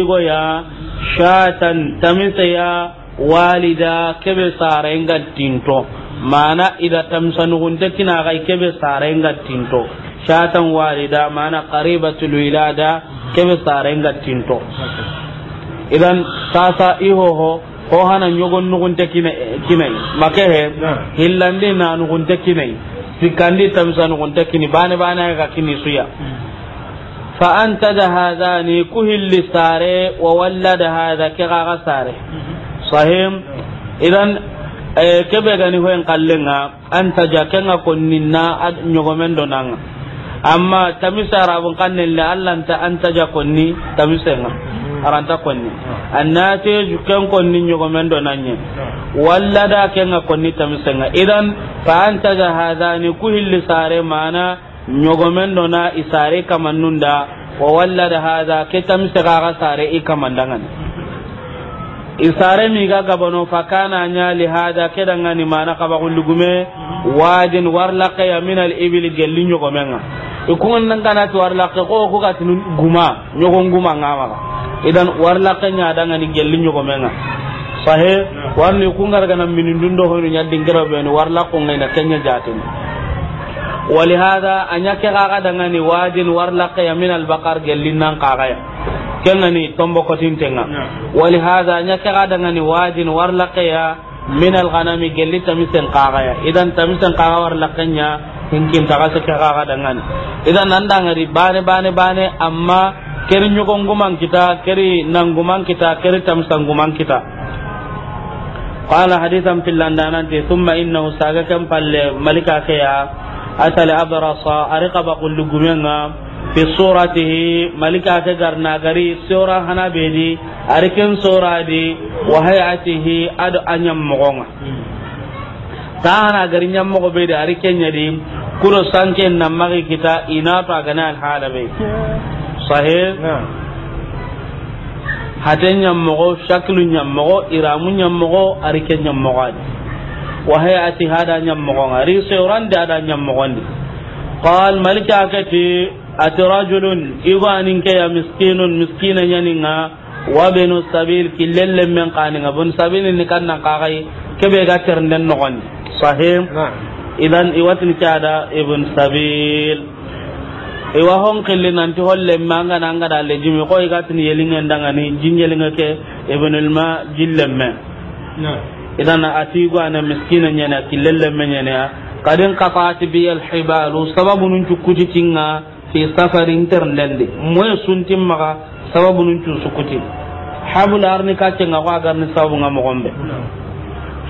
S2: ya walida kebe sarenga tinto mana ida kina kinagai kebe sarenga tinto shatan walida mana qaribatul wilada kebe sarenga tinto idan sasa ihoho ho hana nyogon kina make he hillande na nugunte kina sikandi tamsanugunte kini bane bane ga kini suya fa anta da hadani kuhilli sare wa wallada hada kiga sare mhm. sahim idan eh, kebe gani hoyen antaja kenga jakenga konninna nyogomen do nanga amma tamisa arabun kannen la Allah antaja anta jakonni tamisenga aranta konni annate juken konni nyogomen do nanye walla kenga konni tamisenga idan fa anta ga hadani kuhilli sare mana nyogomen do na isare kamannunda wa wallada da ke tamisa ga sare ikamandangan isare mi ga gabano fakana nya li hada keda ngani mana kaba gulugume wajin warlaqa ya min al ibil gelli nyogo menga ikun nan kana to warlaqa ko ko katin guma ko guma ngama idan warlaqa nya da ngani gelli nyogo menga sahe warni kun garga nan min dundo ho nya dingara be ni warlaqo ngai na kenya jatin ga ga يكغى ngani wajin warlaqa ya min al bakar gelli nan kagaya kenna ni tombo kotin tenga wali hada nya kaga daga ni wajin warlaqaya min alghanami gelli tamisen kaga ya idan tamisen kaga warlaqanya hinkin taga se kaga daga ni idan nanda ngari bane bane bane amma keri nyugon guman kita keri nanguman kita keri tamsan guman kita قال حديثا في اللندانة ثم innahu ساقا palle malika kaya asal abrasa أرقب قل لقمينا fi suratihi malika ta garna gari sura hana bedi arikin sura di wa hayatihi ad anyam mogonga ta hana gari nyam mogo bedi arikin nyadi kuro sanke na magi kita ina to agana alhala be sahih hate nyam mogo shaklu nyam mogo iramu nyam mogo arikin nyam mogo wa hayatihi hada nyam mogonga ri sura ndi ada nyam mogo ndi قال ملك أكتي ati rajulun iganin ke ya miskinun miskina nyaninga wa benu sabil killelle men kaninga bun sabilin ni kannan kakai kebe ga ternden nogon sahim idan iwatin kada ibn sabil iwa hon kille nan ti holle manga nan ga dalle jimi ko igatin yelingen dangani jinyelinga ke ibn alma jillemme idan ati gwana miskina nyana killelle men nyana kadin kafati bi alhibalu sababu nun cukuti tinga fi safarin terlende moye suntin maga sababu nun cu sukuti habul arni ka cenga ko agarni sababu nga mogombe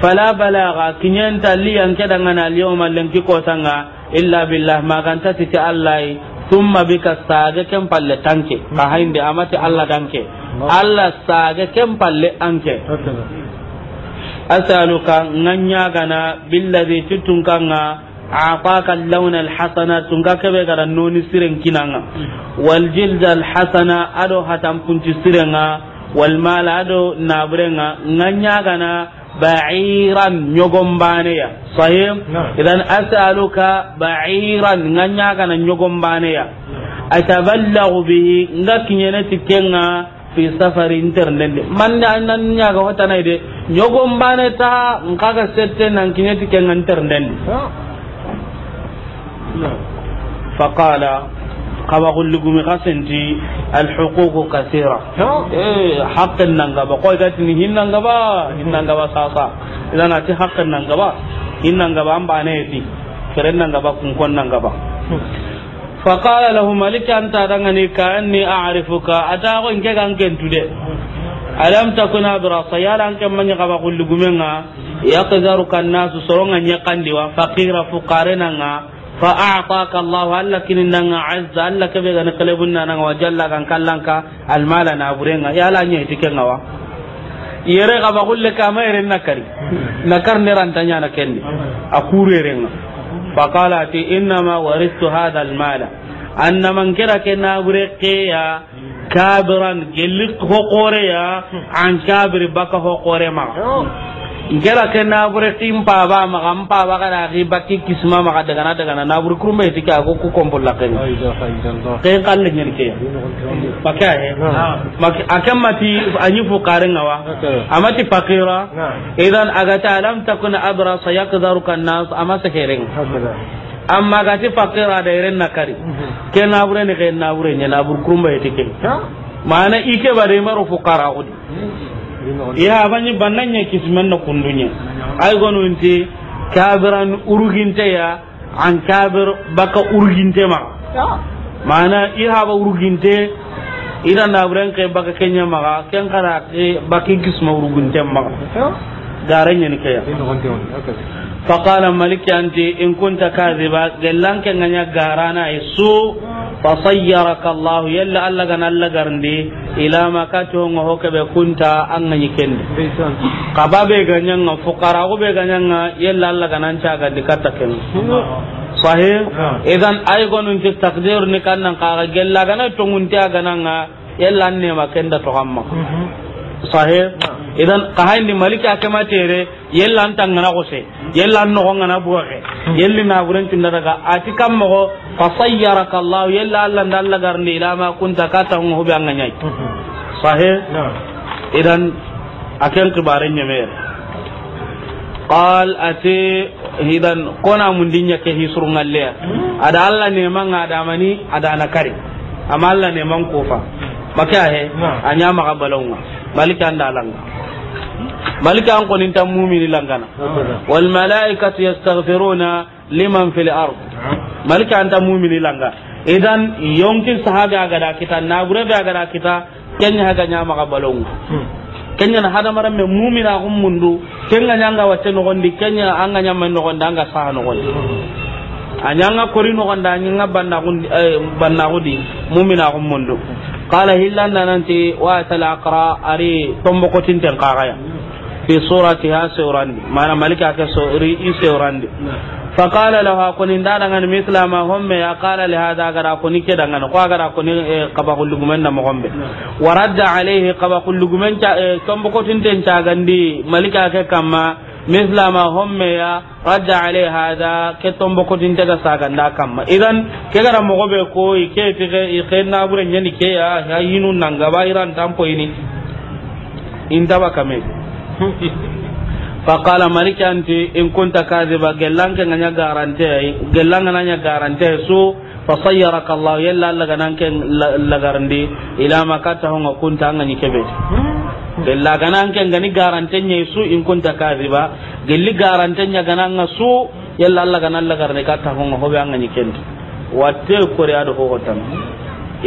S2: fala balaga kinyanta li anke danga na liyo malenki ko sanga illa billah maganta titi allahi thumma bika sage kem palle tanke ka hainde amati allah danke allah sage kem palle anke asaluka nganya gana billadhi titunkanga aqaka al-lawn al-hasana sunga kebe gara noni siren kinanga wal jild hasana ado hatam punti sirenga wal mal ado nabrenga nganya gana ba'iran nyogombane ya sahim idan as'aluka ba'iran nganya gana nyogombane ya ataballagu bihi ngakinyene tikenga fi safari internende mande ta nkaga فقال kaba kullugumi kasenti alhuququ kasira eh haqqan nan gaba ko ga tin hinnan gaba hinnan gaba sasa idan ati nan gaba gaba an yi nan gaba kun kon nan gaba fa qala lahu malik anta dangani ka anni a'rifuka ata ko inke kan alam takuna bi nasu soronga fa a'taka Allah alla kinin azza allaka be ga kale bunna nan wa jalla kan kallanka al mala na burenga ya la nye tiken wa yere ga ba kulle ka mai ren nakari nakar ne ran tanya na kenni akure renga fa qala ti inna ma waristu hadha al mala anna man kira ke na bure qiya kabiran gelik hoqore ya an kabri baka hoqore ma oh. igara ke nabure tim paba maka mpaba kana ki baki kisma daga na bure nabure kurumbe tika ko ku ke ke kan le nyen ke maka he maka anyu anyi fuqare ngawa amati faqira idan agata lam takuna abra sayakdaruka nas amasa kereng amma ti faqira da iren nakari mhm. ke bure ne ke nabure ne nabure kurumbe tike na ike bare maro fuqara udi mhm. ya banyi bannanya kismen na kundunya ay gonunti kabiran uruginte ya an kabir baka uruginte ma mana iya ba uruginte ida na buren kai baka kenya ma ken kara eh, baki kisma uruginte ma garanya ni kaya فقال ملك أنت إن كنت كاذبا قال لنك أن يقارانا السوء فصيرك الله يلا ألا قنا ألا قرندي إلى ما كاتهم وهو كبه كنت أن يكن قبابي قنا فقراء قنا يلا ألا قنا أنت أقد كتكن صحيح إذن أيضا أنت تقدير نكنا قال قال لنا تنغنتي أقنا يلا أني ما كنت تغمق sahih idan kahandi maliki kama tere yella ko se yella annogo ngana buwake yelli na naguren cunda daga ati kam mo fa sayyaraka allah yella allah nda allah ni ilama kunta ka ta hoɓe bi anganya sahih idan akan aken ne ñemere qal ati idan kona mun dinya ke hisru ngalle ada allah nemanga adamani adana kari amma allah neman kofa make ahe a ñamaxa balonga malika anda langa malika an konin tan mumini langana wal malaikatu yastaghfiruna liman fil ard malika anta mumini langa idan yonkin sahabe aga da kita nagure be aga da kita kenya haga nyama maka balongu kenya na hada maram me mumina gum mundu kenya nyanga wacce no gondi kenya anga nyama no gonda anga saha no gondi anyanga kori no gonda anyanga banna gondi eh, banna gudi mumina gum mundu qala hilal la nan ta wace talakara ari tambogo tinta in kare ya fiye su a tihi a sauya randi maliki a ke ri fa ka la lafa kuni nda dangane misala ma honbe ya kala lafa a kani ke dangane koha kani kaba kulugume na mu honbe. warar da alehi kaba kulugume tambogo tinta in cakande maliki ake kama. مثل ما هم يا رد عليه هذا كتم بكوتين تجا ساكن دا اذن كغرا كعرا كو كوي كيف يخير نابور ني كي يا هينو نانغا بايران تام بويني إن تبا كمل فقال مالك انت ان كنت كاذبا جلّان كنا نجارنتي جلّان نانيا غارانتي سو فصيرك الله يلا لغنان لغارندي الى ما ما كاتهم وكنت أنا نكبت gella ganan ken gani garantenya su in kun kunta kaziba gelli garantenya ganan nga su yalla Allah ganan Allah garne ka ta hongo hobe anga nyikenti watte kore ado ho hotan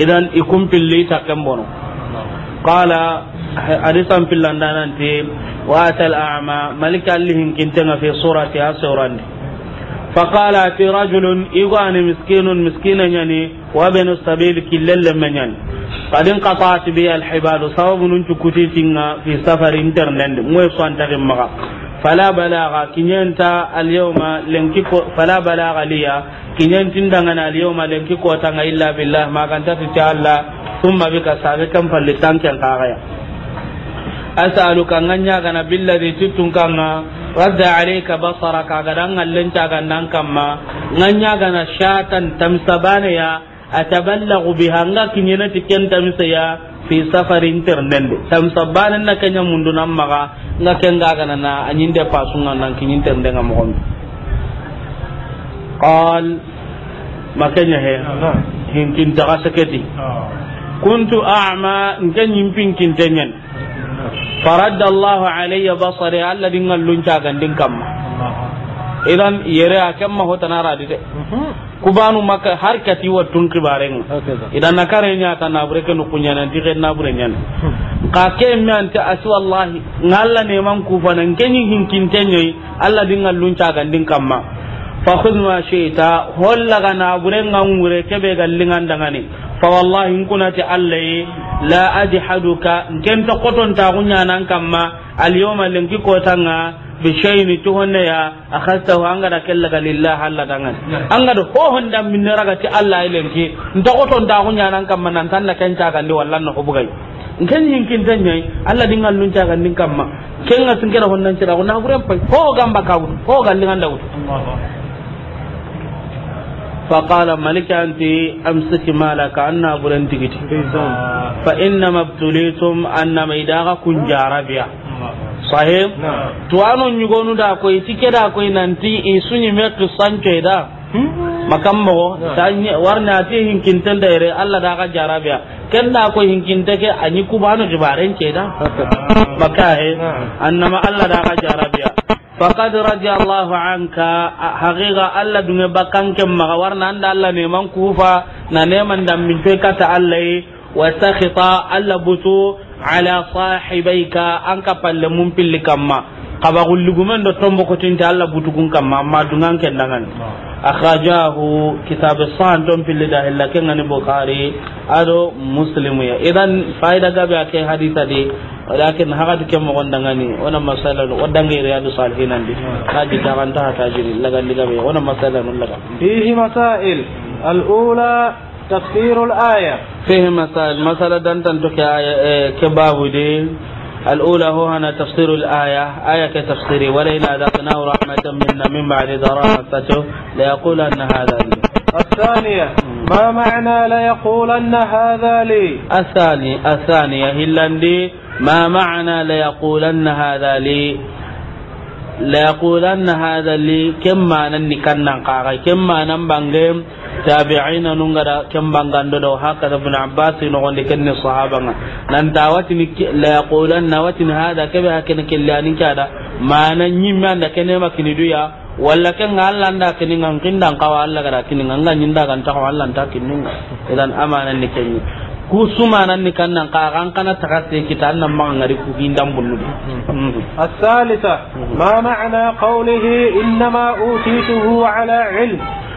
S2: idan ikum pilli ta kan bono qala hadisan pillan nti wa atal a'ma malika allihin kintenga fi surati asuran فقال في رجل إغاني مسكين مسكين يعني وابن السبيل كلا لما يعني قد انقطعت بي الحبال سبب كتيتنا في سفر انترنت مويسو أنت غمغا فلا بلاغ كنينتا اليوم لنكيكو فلا بلاغ ليا كنينتين دعنا اليوم لنكيكو قوتنا إلا بالله ما كانت تتعالى ثم بك سابقا فلتانك القاغية as'aluka nganya kana billadhi tutun kanga radda alayka basaraka gadan allan ta gandan kama nganya kana shatan tamsabana ya ataballagu biha nga kinyana tikken tamsa ya fi safarin internet tamsabana na kanya mundu nan maga nga kenga kana na anyinde pasunga nan kinyin ndenga mohon qal makanya he hinkin daga saketi kuntu a'ma nganyin pinkin tenyen faradda Allah alayya basari Allah din gallun ta gandin
S3: kamma
S2: idan yere a kan mahota na radi de maka har kati wattun kibaren idan na kare nya ta na bure kan kunya nan dige na bure nya ka ke mi anta asu ngalla ne man ku fanan kenyi hinkin Allah din gallun ta gandin kamma fa khudh ma shi'ta holla na bure ngam bure kebe gallingan dangane fa wallahi kuna ta allahi la ajhaduka ken ta koton ta gunya nan kamma al yawma linki ko tanga bi shay'in tuhunna ya akhastahu anga da kella ga lillah alla dangan anga do ho honda min raga ti allah lenki nta koton ta gunya nan kamma nan tan la ken ta ga ndi wallan no hubugai nkan hinkin tan nyai alla dingal nun ta ga ndin kamma ken ga sun kera honnan tira ko na guren pai ho gamba ka ho ga ndin anda فقال ملك أنت أمسك مالك أنا برنتكتي فإنما ابتليتم أن ميداغا كن جاربيا صحيح توانو نيغونو دا كوي تيكي دا كوي نانتي إيسوني ميقصان كوي دا makan mo tan warna ti hinkinten da ire Allah da ka jarabiya ken da ko hinkinte ke anyi kubano jibaren ce da maka he annama Allah da ka jarabiya faqad Allah anka haqiqa Allah dunga bakan ke maka warna anda Allah neman kufa na neman dan min kata Allah wa sakhita Allah butu ala sahibaika an ka palle mun pilli kamma kaba gullugumen do tombo ko tinta Allah butu gun kamma amma dungan ken dangan أخرجاه كتاب الصان دون في اللي لكن عن البخاري أدو مسلم يا إذن فائدة قبل أكي حديثة دي ولكن هغد كم غندغني وانا مسألة ودنغي رياض الصالحين عندي هاجي تاغان تاها تاجري دي لغبي وانا مسألة لغا فيه مسائل الأولى تفسير الآية فيه مسائل مسألة دانتان تكي آية كبابو دي الأولى هو أنا تفسير الآية آية كتفسيري ولئن أذقناه رحمة منا من بعد ضراء مسته ليقولن هذا لي الثانية ما معنى ليقولن هذا لي الثاني الثانية هلندي ما معنى ليقولن هذا لي ليقولن هذا لي كم معنى كنن قاغي كم معنى بانجيم tabi'ina nun nunga da bangando do haka da ibn abbas no gonde kenne sahaba nga nan dawati ni la yaqulan nawati hada kabe hakin kellani kada mana nyimma da kene makini duya walla kan Allah anda kini ngan kindan kawa Allah gara kini ngan ngan nyinda kan tawa Allah ta kini idan amanan ni kenyi ku sumanan ni kannan ka kan kana takasse kita nan ma ngari ku hindam bunnu
S1: الثالثة hmm. ma ma'na qawlihi inma utituhu ala ilm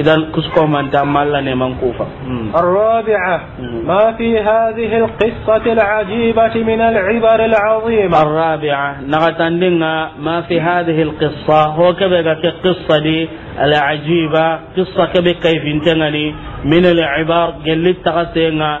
S2: إذا كسكو من تأمل من كوفة
S1: الرابعة ما في هذه القصة العجيبة من العبر العظيمة
S2: الرابعة نغتندنا ما في هذه القصة هو كبك القصة دي العجيبة قصة كبك كيف انتنني من العبر قلت تغسينا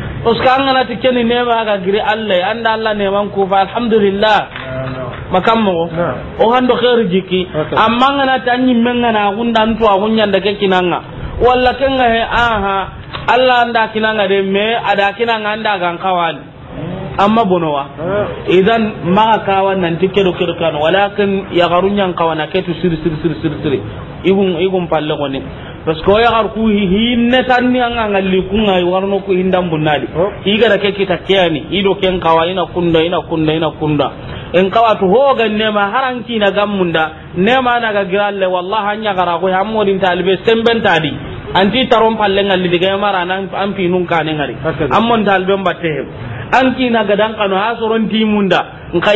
S2: uska an gana tike ne nema ga giri Allah anda Allah neman ku fa alhamdulillah makam mo o hando khair jiki amma ngana tanyi mengana gunda ntu agunya ke kinanga walla kenga he aha Allah anda kinanga de me ada kinanga anda gan kawani amma bonowa eh. idan maga kawa nan tike kedo kedo kan walakin ya garunyan kawana ketu sir sir sir sir sir igun igun palle koni parce que o yagar ku hinne tan ni an alli ku ngai warno ku hindam bunnadi oh. da ke kita kiyani ido ken kawa ina kunda ina kunda ina kunda en kawa to hoga nema haranki na gammunda nema na ga giralle wallahi hanya gara ko hamodin talibe semben tadi anti taron palle ngalli diga mara nan an pinun kanen ngari ammon talbe batte an kina gadan kano ha soron da nka a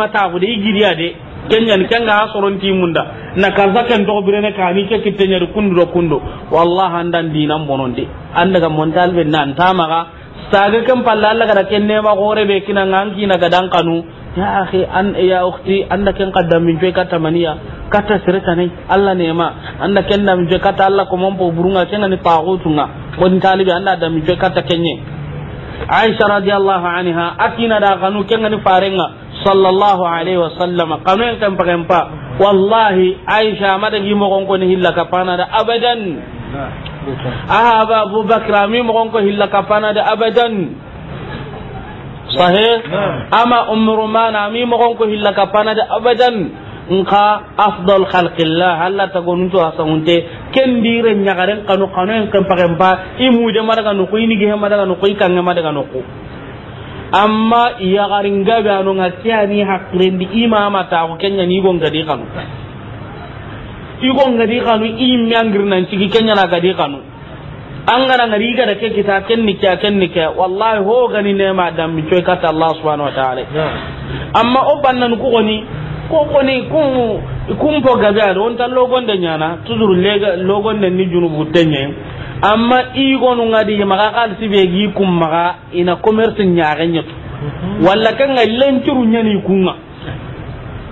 S2: ku taxude i giriya de kenñani kenga ha soron timunda na karsa ken toxo ka kaani ke kitteñadi kundudo kundo wallah andan dinan bonondi an daga be nan ga saga kan palla Allah kada ken nema gore be kina nganki na gadan kanu ya akhi an ya ukhti anda ken qaddam min fe kata kata sirata ne Allah an anda ken dam je kata Allah ko mon po burunga ken ni pagutunga kon talibi anda dam min fe kata kenye aisha radiyallahu anha akina da kanu kengani farenga sallallahu alaihi wasallam kanu en kan pagempa wallahi aisha mada gi mo gonko ni hilla kapana da abadan aha ba abubakar mi mo gonko hilla kapana da abadan sahih ama umru mana mi mo gonko hilla kapana da abadan nka afdal khalqillah alla tagonu to asaunte ken dire nyagaren kanu kanu en kan pare mba imu de madaga no ko inige ge madaga no ko ikan madaga no ko amma iya garin gabe anu ngatiya ni hakren di imama ta ko kenya ni gon gadi kanu i gon gadi kanu i myangir nan ciki kenya na gadi kanu an gara ngari ga da ke kita ken ni kya ken ni kya wallahi ho gani ne ma dan mi coy kata allah subhanahu wa ta'ala amma o bannan ku goni ko koni kun kum po gabe ado on tan logonde nyana tuzuru lega logonde ni junubu tenye amma i gonu ngadi maka kal sibe gi kum maka ina commerce nyaare nyetu walla kan ngai lenturu nyani kunga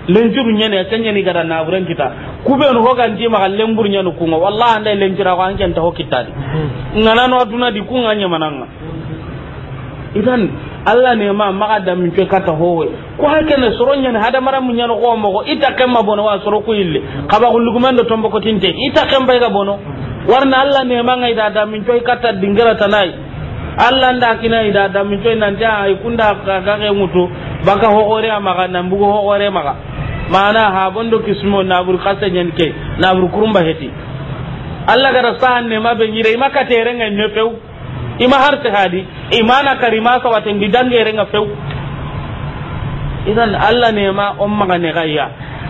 S2: lenturu nyani kan nyani gada na buran kita kube no hogan ti maka lembur nyani kunga wallahi anda lentira ko an kenta hokitadi
S3: mhm.
S2: ngana no aduna di kunga nyamananga
S3: mhm.
S2: idan Allah ne ma maga da min kata howe ko hake ne soronya ne hada mara mun yana ko mo ita kan ma bono wa soro ku ille ba ku lugman da tombo ko tinte ita kan bai ga bono warna Allah ne ma ngai da da min kata dingara tanai Allah nda kina ida da min coy nan ja ai kunda ka ga ga mutu baka ho ore ga nan bugo ho ore ga mana ha bondo kismo na bur kasa nyen ke na bur kurumba heti Allah ga sahan ne ma be nyire maka tere ngai ne pew ima har hadi imana karima sawaten gidange nga feu idan allah ne ma on maga ne gayya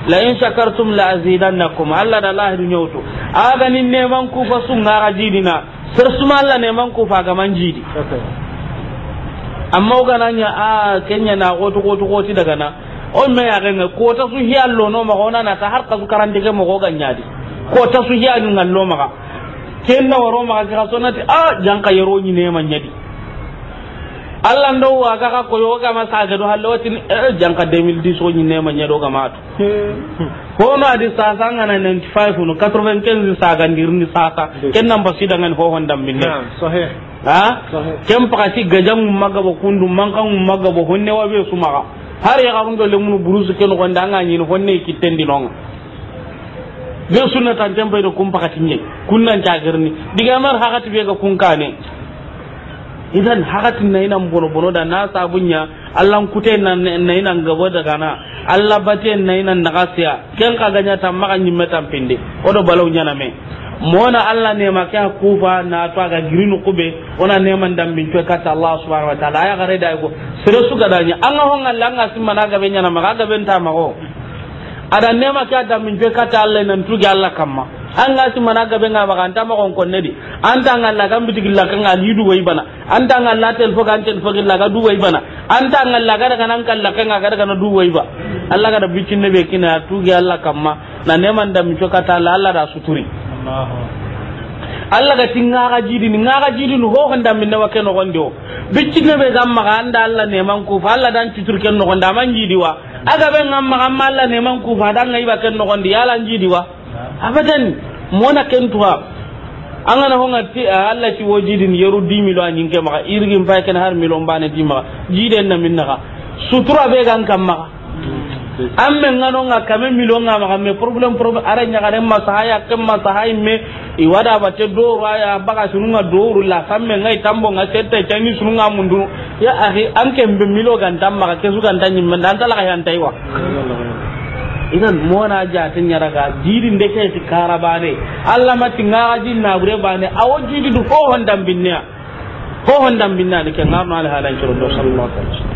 S2: la in shakartum la azidannakum allah da allah du nyautu aga nin ne man ku fa sun ngara jidina sir suma allah ne man ku fa ga man jidi amma ga nan ya a kenya na goto goto goti daga na on me ya renga ko ta su hiyallo no ma ona na ta har ka su karande ga mo go ganyadi ko ta su hiyallo ngallo maga kenda waro ma ka sonati a janka yero ni ne man yadi Allah ndo wa ga ka ko yoga ma sa ga do halawati eh janka 2010 so ni ne man yado ga ma to hmm. ko no adi sa sa ngana 95 no 95 sa ga ni sa ka ken nan basida ngan ho min ne sahih ha ken pakati ma ga ba kundu mankan ga ba honne wa be ga. har ya ga ndo le mun burusu ken gonda ni honne tendi nonga ga sunna tan tan bai kun pakati ne kun nan cagarni diga mar hakati be ga kun kane idan hakatin na ina bono bono da na sabunya Allah kute na na ina gabo daga na Allah bate na ina nagasiya ken ka ganya tan maka nyimme tan pinde odo balaw nyana me mona Allah ne ma kya kufa na to ga girinu kube ona man dan bin to kata Allah subhanahu wa ta'ala ya gare da ko sire su ga danya an ga hon Allah an ga simma na gabe nyana maka gabe ada nema ka da min je kata Allah nan tuge Allah kamma an ga si mana gabe nga kan ta ma kon ne di ta ngal la gambi digilla kan ngal du wai bana ngal la tel fo kan tel fo la ga du wai bana ngal la ga daga nan kan la kan ga daga na du wai ba Allah ga da bicin ne be kina tuge Allah kamma na neman da min je kata Allah da suturi Allahu allah ga tinga ga jidi ni ga jidi no ho handa min na wakeno gondo bicci ne be gamma ga anda allah ne man ku fa allah dan citur ken no gonda man jidi wa aga be gamma gamma allah ne man ku fa dan ngai ba ken no gondi yala jidi wa abadan mona ken tuwa an gana honga ti eh, Allah ci wo ni yaru dimi lo an yinke maka irgin fa ken har milo mbane di maka jiden na minna ka sutura be gan kam maka amme ngano nga kame milo nga ma kame problem problem are nya kare ma sahaya kem ma sahai me i wada ba te do raya baka sununga do ru la samme ngai tambo nga tete chani sununga mundu ya ahi anke mbe milo gan tamma ka kesu gan tanyi men dan tala kayan wa idan mona ja tin yara ga jirin de ke tikara bane Allah ma tinga jin na bure bane awo jidi du ho hondam binnya ho hondam binna ne ke ngarno ala halan kiro do sallallahu alaihi wasallam